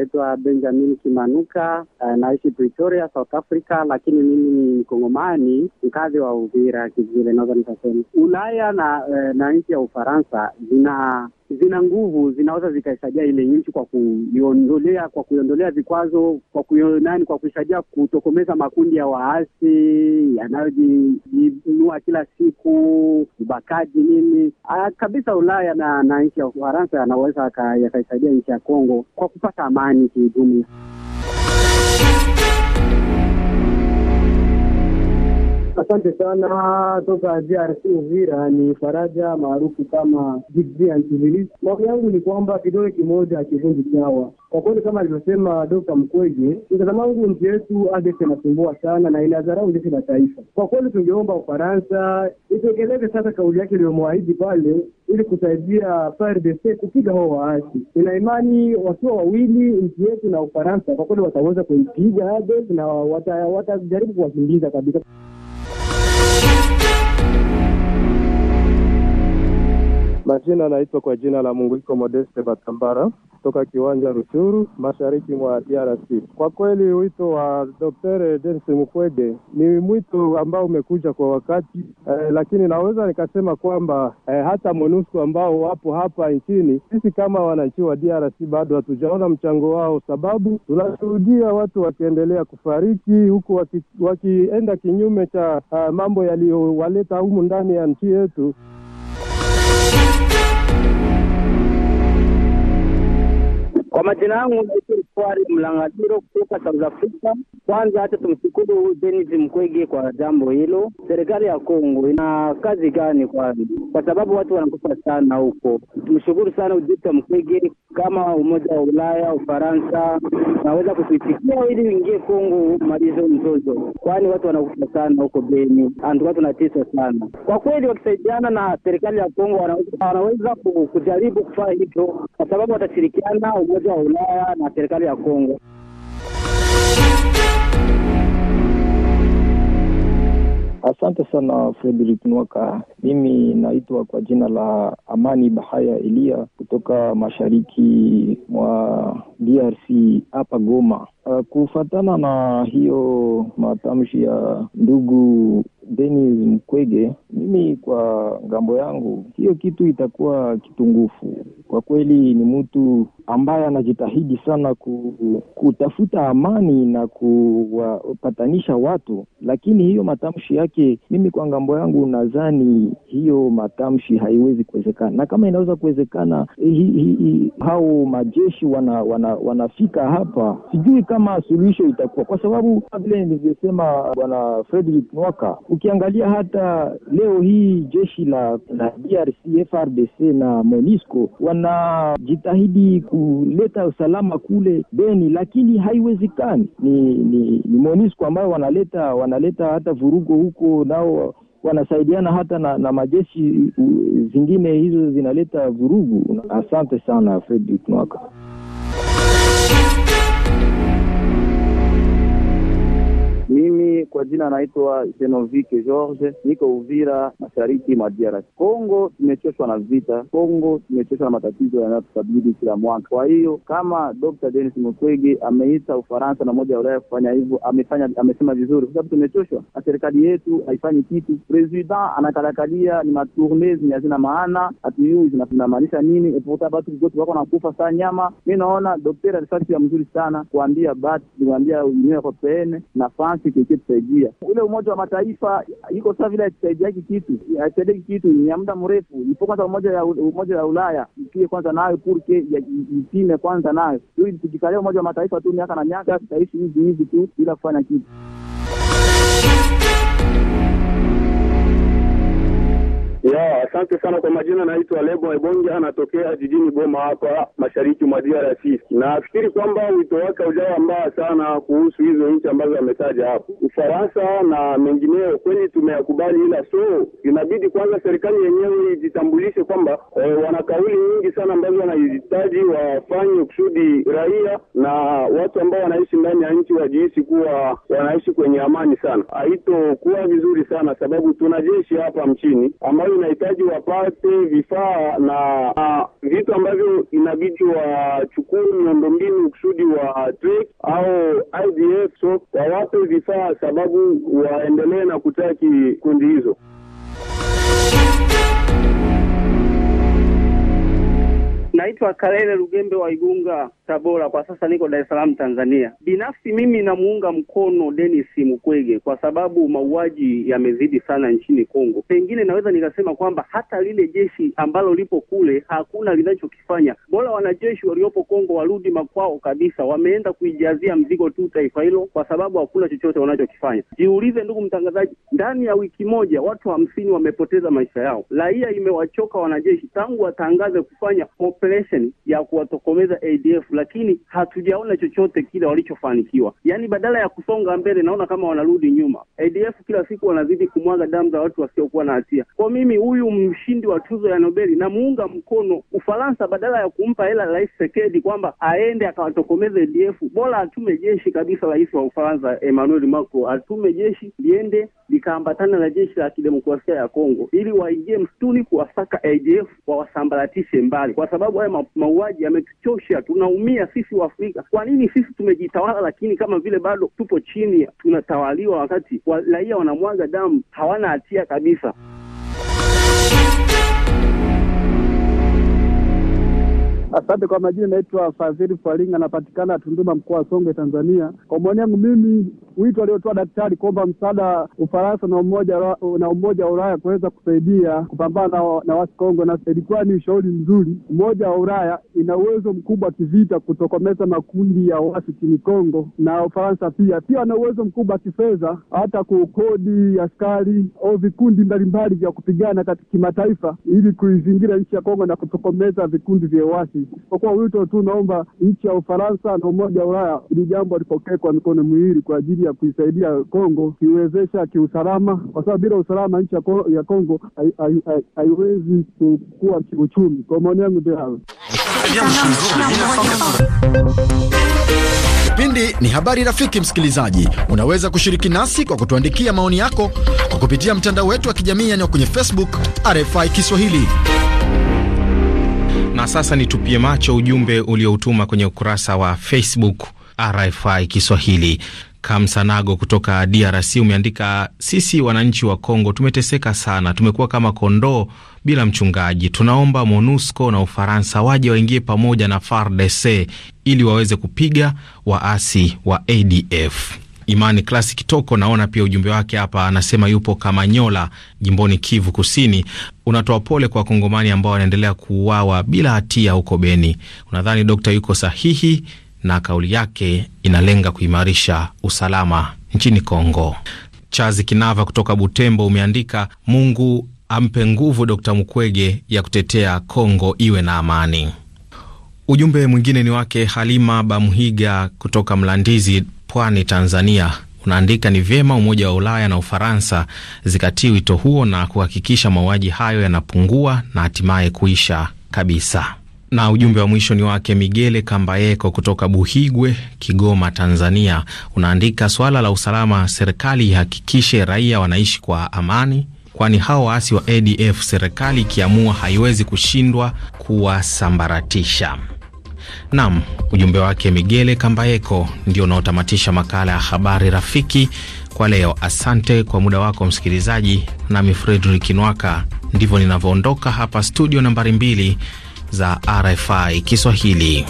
naitwa Benjamin Kimanuka. Uh, naishi Pretoria, South Africa, lakini mimi ni mkongomani mkazi wa Uvira, kijijini Northern Ulaya na, uh, na nchi ya Ufaransa zina zina nguvu, zinaweza zikaisaidia ile nchi kwa kuiondolea, kwa kuiondolea vikwazo, kwa kuionani, kwa kuisaidia kutokomeza makundi ya waasi yanayojinua kila siku, ubakaji nini A, ah, kabisa. Ulaya na, na nchi ya Ufaransa yanaweza yakaisaidia nchi ya Kongo kwa kupata amani kiujumla. Asante sana. Toka DRC Uvira ni Faraja maarufu kama Maoni yangu ni kwamba kidole kimoja akivunji chawa. Kwa kweli, kama alivyosema Dr. Mkwege, mtazamo wangu nchi yetu ADF inasumbua sana na inadharau jeshi la taifa. Kwa kweli, tungeomba Ufaransa itekeleze sasa kauli yake iliyomwahidi pale, ili kusaidia FARDC kupiga hao waasi. Ina imani wakiwa wawili, nchi yetu na Ufaransa, kwa kweli wataweza kuipiga ADF na watajaribu wata kuwakimbiza kabisa. Majina anaitwa kwa jina la Munguiko Modeste Batambara kutoka kiwanja Rushuru, mashariki mwa DRC. Kwa kweli wito wa Dr. Denis Mukwege ni mwito ambao umekuja kwa wakati eh, lakini naweza nikasema kwamba eh, hata MONUSCO ambao wapo hapa nchini, sisi kama wananchi wa DRC bado hatujaona mchango wao, sababu tunashuhudia watu wakiendelea kufariki huku waki, wakienda kinyume cha uh, mambo yaliyowaleta humu ndani ya nchi yetu. Como é que não? Fari Mlangatiro kutoka South Africa. Kwanza hata tumshukuru Denis Mkwege kwa jambo hilo. Serikali ya Kongo ina kazi gani kwanza Kwa sababu watu wanakufa sana huko. Tumshukuru sana Ujita Mkwege, kama Umoja wa Ulaya, Ufaransa naweza kutuitikia ili uingie Kongo malizo mzozo, kwani watu wanakufa sana huko Beni, antuka natisa sana kwa kweli. Wakisaidiana na serikali ya Kongo wanaweza, wanaweza kujaribu kufanya hivyo, kwa sababu watashirikiana Umoja wa Ulaya na serikali ya Kongo. Asante sana Frederick Nwaka. Mimi naitwa kwa jina la Amani Bahaya Eliya kutoka mashariki mwa DRC hapa Goma. Uh, kufatana na hiyo matamshi ya ndugu Denis Mkwege, mimi kwa ngambo yangu hiyo kitu itakuwa kitungufu kwa kweli. Ni mtu ambaye anajitahidi sana ku, kutafuta amani na kuwapatanisha watu, lakini hiyo matamshi yake, mimi kwa ngambo yangu nadhani hiyo matamshi haiwezi kuwezekana, na kama inaweza kuwezekana, hao majeshi wana, wana, wanafika hapa sijui kama suluhisho itakuwa, kwa sababu kama vile nilivyosema Bwana Frederick Mwaka, ukiangalia hata leo hii jeshi la na DRC, FRDC na MONUSCO wanajitahidi kuleta usalama kule Beni, lakini haiwezekani. Ni, ni, ni MONUSCO ambayo wanaleta wanaleta hata vurugo huko, nao wanasaidiana hata na, na majeshi zingine hizo zinaleta vurugu. Asante sana Frederick Mwaka. Mimi kwa jina anaitwa Genovike George, niko Uvira, mashariki mwa DRC Kongo. Tumechoshwa na vita Kongo, tumechoshwa na matatizo yanayotukabili kila mwaka. Kwa hiyo kama Dr. Denis Mukwege ameita Ufaransa na moja ya Ulaya kufanya hivyo, amefanya amesema vizuri, kwa sababu tumechoshwa na serikali yetu haifanyi kitu. President anakalakalia ni matourne zenye hazina maana, hatuyui zinamaanisha nini, epota batu kigoto wako nakufa saa nyama. Mi naona dokter alifaa kitu mzuri sana kuambia batu kuambia Union Europeenne na France hawataki chochote tusaidia Ule Umoja wa Mataifa iko sasa vile haisaidiaki kitu, haisaidiki kitu, ni ya muda mrefu. Ipo kwanza umoja ya Umoja ya Ulaya ipie kwanza nayo purke ipime kwanza nayo, ili tujikalia Umoja wa Mataifa tu miaka na miaka, tutaishi hizi hizi tu bila kufanya kitu. Ya, asante sana kwa majina, naitwa Lebo Ebonge, anatokea jijini Goma hapa mashariki mwa DRC. Nafikiri kwamba wito wake haujawa mbaya sana kuhusu hizo nchi ambazo ametaja hapo, Ufaransa na mengineo, kweli tumeyakubali, ila so inabidi kwanza serikali yenyewe ijitambulishe kwamba e, wana kauli nyingi sana ambazo wanahitaji wafanye kusudi raia na watu ambao wanaishi ndani ya nchi wajihisi kuwa wanaishi kwenye amani sana. Haitokuwa vizuri sana sababu tuna jeshi hapa mchini ambayo serikali inahitaji wapate vifaa na, vitu ambavyo inabidi wachukue miundombinu kusudi wa TREC au IDF so wawape vifaa, sababu waendelee na kutaki kundi hizo. Naitwa Kalele Lugembe wa Igunga, Tabora. Kwa sasa niko Dar es Salaam, Tanzania. Binafsi mimi namuunga mkono Dennis Mukwege kwa sababu mauaji yamezidi sana nchini Kongo. Pengine naweza nikasema kwamba hata lile jeshi ambalo lipo kule hakuna linachokifanya. Bora wanajeshi waliopo Kongo warudi makwao kabisa, wameenda kuijazia mzigo tu taifa hilo, kwa sababu hakuna chochote wanachokifanya. Jiulize ndugu mtangazaji, ndani ya wiki moja watu hamsini wamepoteza maisha yao. Raia imewachoka wanajeshi tangu watangaze kufanya open operation ya kuwatokomeza ADF, lakini hatujaona chochote kile walichofanikiwa. Yaani badala ya kusonga mbele, naona kama wanarudi nyuma. ADF kila siku wanazidi kumwaga damu za watu wasiokuwa na hatia. Kwa mimi, huyu mshindi wa tuzo ya Nobeli namuunga mkono Ufaransa, badala ya kumpa hela Rais Sekedi kwamba aende akawatokomeze ADF, bora atume jeshi kabisa. Rais wa Ufaransa Emmanuel Macron atume jeshi liende likaambatana na jeshi la kidemokrasia ya Kongo ili waingie msituni kuwasaka ADF wawasambaratishe mbali, kwa sababu sababu haya mauaji yametuchosha, tunaumia sisi Waafrika. Kwa nini sisi tumejitawala, lakini kama vile bado tupo chini tunatawaliwa, wakati raia wanamwaga damu hawana hatia kabisa. Asante kwa majina, naitwa Fadhili Faringa, napatikana Tunduma, mkoa wa Songwe, Tanzania. Kwa maoni yangu mimi, wito aliotoa daktari kuomba msaada Ufaransa na umoja na umoja wa Ulaya kuweza kusaidia kupambana na wasi Kongo na ilikuwa ni ushauri mzuri. Umoja wa Ulaya ina uwezo mkubwa wa kivita kutokomeza makundi ya wasi chini Kongo, na Ufaransa pia pia ana uwezo mkubwa wa kifedha, hata kukodi askari au vikundi mbalimbali vya kupigana katika kimataifa ili kuizingira nchi ya Kongo na kutokomeza vikundi vya wasi isipokuwa wito tu naomba nchi ya Ufaransa na Umoja wa Ulaya ili jambo lipokee kwa mikono miwili kwa ajili ya kuisaidia Kongo kiwezesha kiusalama, kwa sababu bila usalama nchi ya Kongo haiwezi kuwa kiuchumi. Kwa maoni yangu ndio hayo. Kipindi ni habari. Rafiki msikilizaji, unaweza kushiriki nasi kwa kutuandikia maoni yako kwa kupitia mtandao wetu wa kijamii, yaani kwenye Facebook RFI Kiswahili. Na sasa nitupie macho ujumbe ulioutuma kwenye ukurasa wa Facebook RFI Kiswahili. Kamsanago kutoka DRC umeandika, sisi wananchi wa Kongo tumeteseka sana, tumekuwa kama kondoo bila mchungaji. Tunaomba MONUSCO na Ufaransa waje waingie pamoja na FARDC ili waweze kupiga waasi wa ADF. Imani Klasi Kitoko, naona pia ujumbe wake hapa, anasema yupo Kamanyola, jimboni Kivu Kusini. Unatoa pole kwa Wakongomani ambao wanaendelea kuuawa bila hatia huko Beni. Unadhani dokta yuko sahihi na kauli yake inalenga kuimarisha usalama nchini Kongo? Chazi Kinava kutoka Butembo umeandika Mungu ampe nguvu Dokta Mukwege ya kutetea Kongo iwe na amani. Ujumbe mwingine ni wake Halima bamhiga kutoka Mlandizi Pwani, Tanzania unaandika ni vyema Umoja wa Ulaya na Ufaransa zikatii wito huo na kuhakikisha mauaji hayo yanapungua na hatimaye kuisha kabisa. Na ujumbe wa mwisho ni wake Migele Kambayeko kutoka Buhigwe, Kigoma, Tanzania. Unaandika swala la usalama, serikali ihakikishe raia wanaishi kwa amani, kwani hao waasi wa ADF serikali ikiamua haiwezi kushindwa kuwasambaratisha. Nam, ujumbe wake Migele kambayeko ndio unaotamatisha makala ya habari rafiki kwa leo. Asante kwa muda wako msikilizaji, nami Fredrik Nwaka ndivyo ninavyoondoka hapa studio nambari mbili za RFI Kiswahili.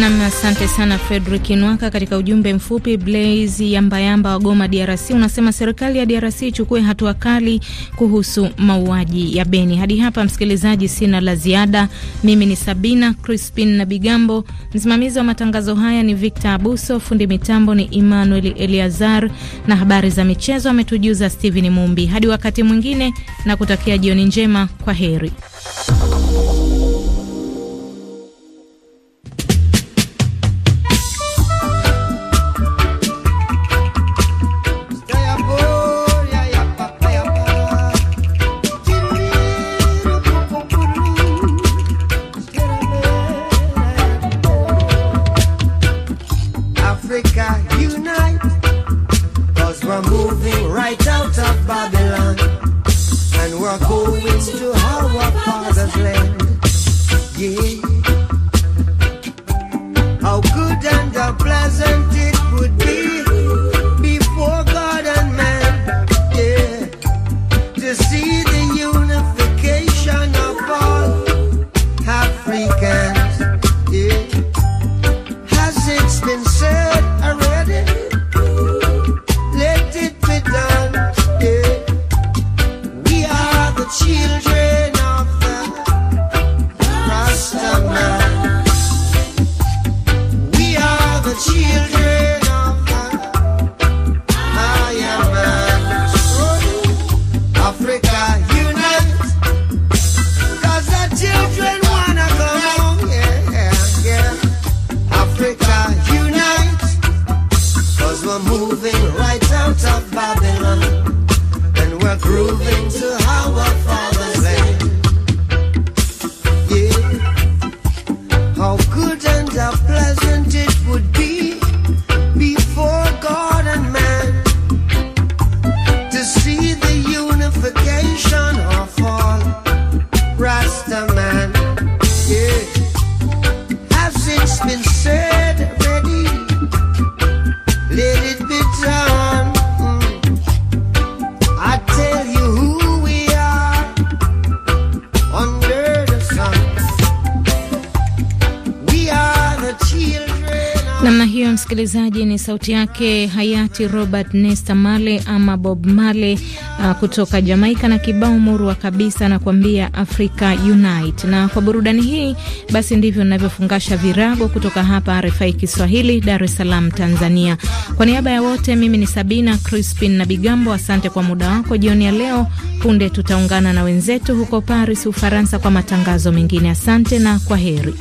Nam, asante sana Fredrik Nwaka. Katika ujumbe mfupi, Blaze Yambayamba wa Goma, DRC, unasema serikali ya DRC ichukue hatua kali kuhusu mauaji ya Beni. Hadi hapa msikilizaji, sina la ziada. Mimi ni Sabina Crispin na Bigambo, msimamizi wa matangazo haya ni Victor Abuso, fundi mitambo ni Emmanuel Eliazar na habari za michezo ametujuza Steven Mumbi. Hadi wakati mwingine, na kutakia jioni njema, kwa heri. sauti yake hayati Robert Nesta male ama Bob male uh, kutoka Jamaika na kibao murwa kabisa na kuambia Africa Unite. Na kwa burudani hii basi ndivyo ninavyofungasha virago kutoka hapa RFI Kiswahili, Dar es Salaam, Tanzania. Kwa niaba ya wote, mimi ni Sabina Crispin na Bigambo, asante kwa muda wako jioni ya leo. Punde tutaungana na wenzetu huko Paris, Ufaransa, kwa matangazo mengine. Asante na kwa heri.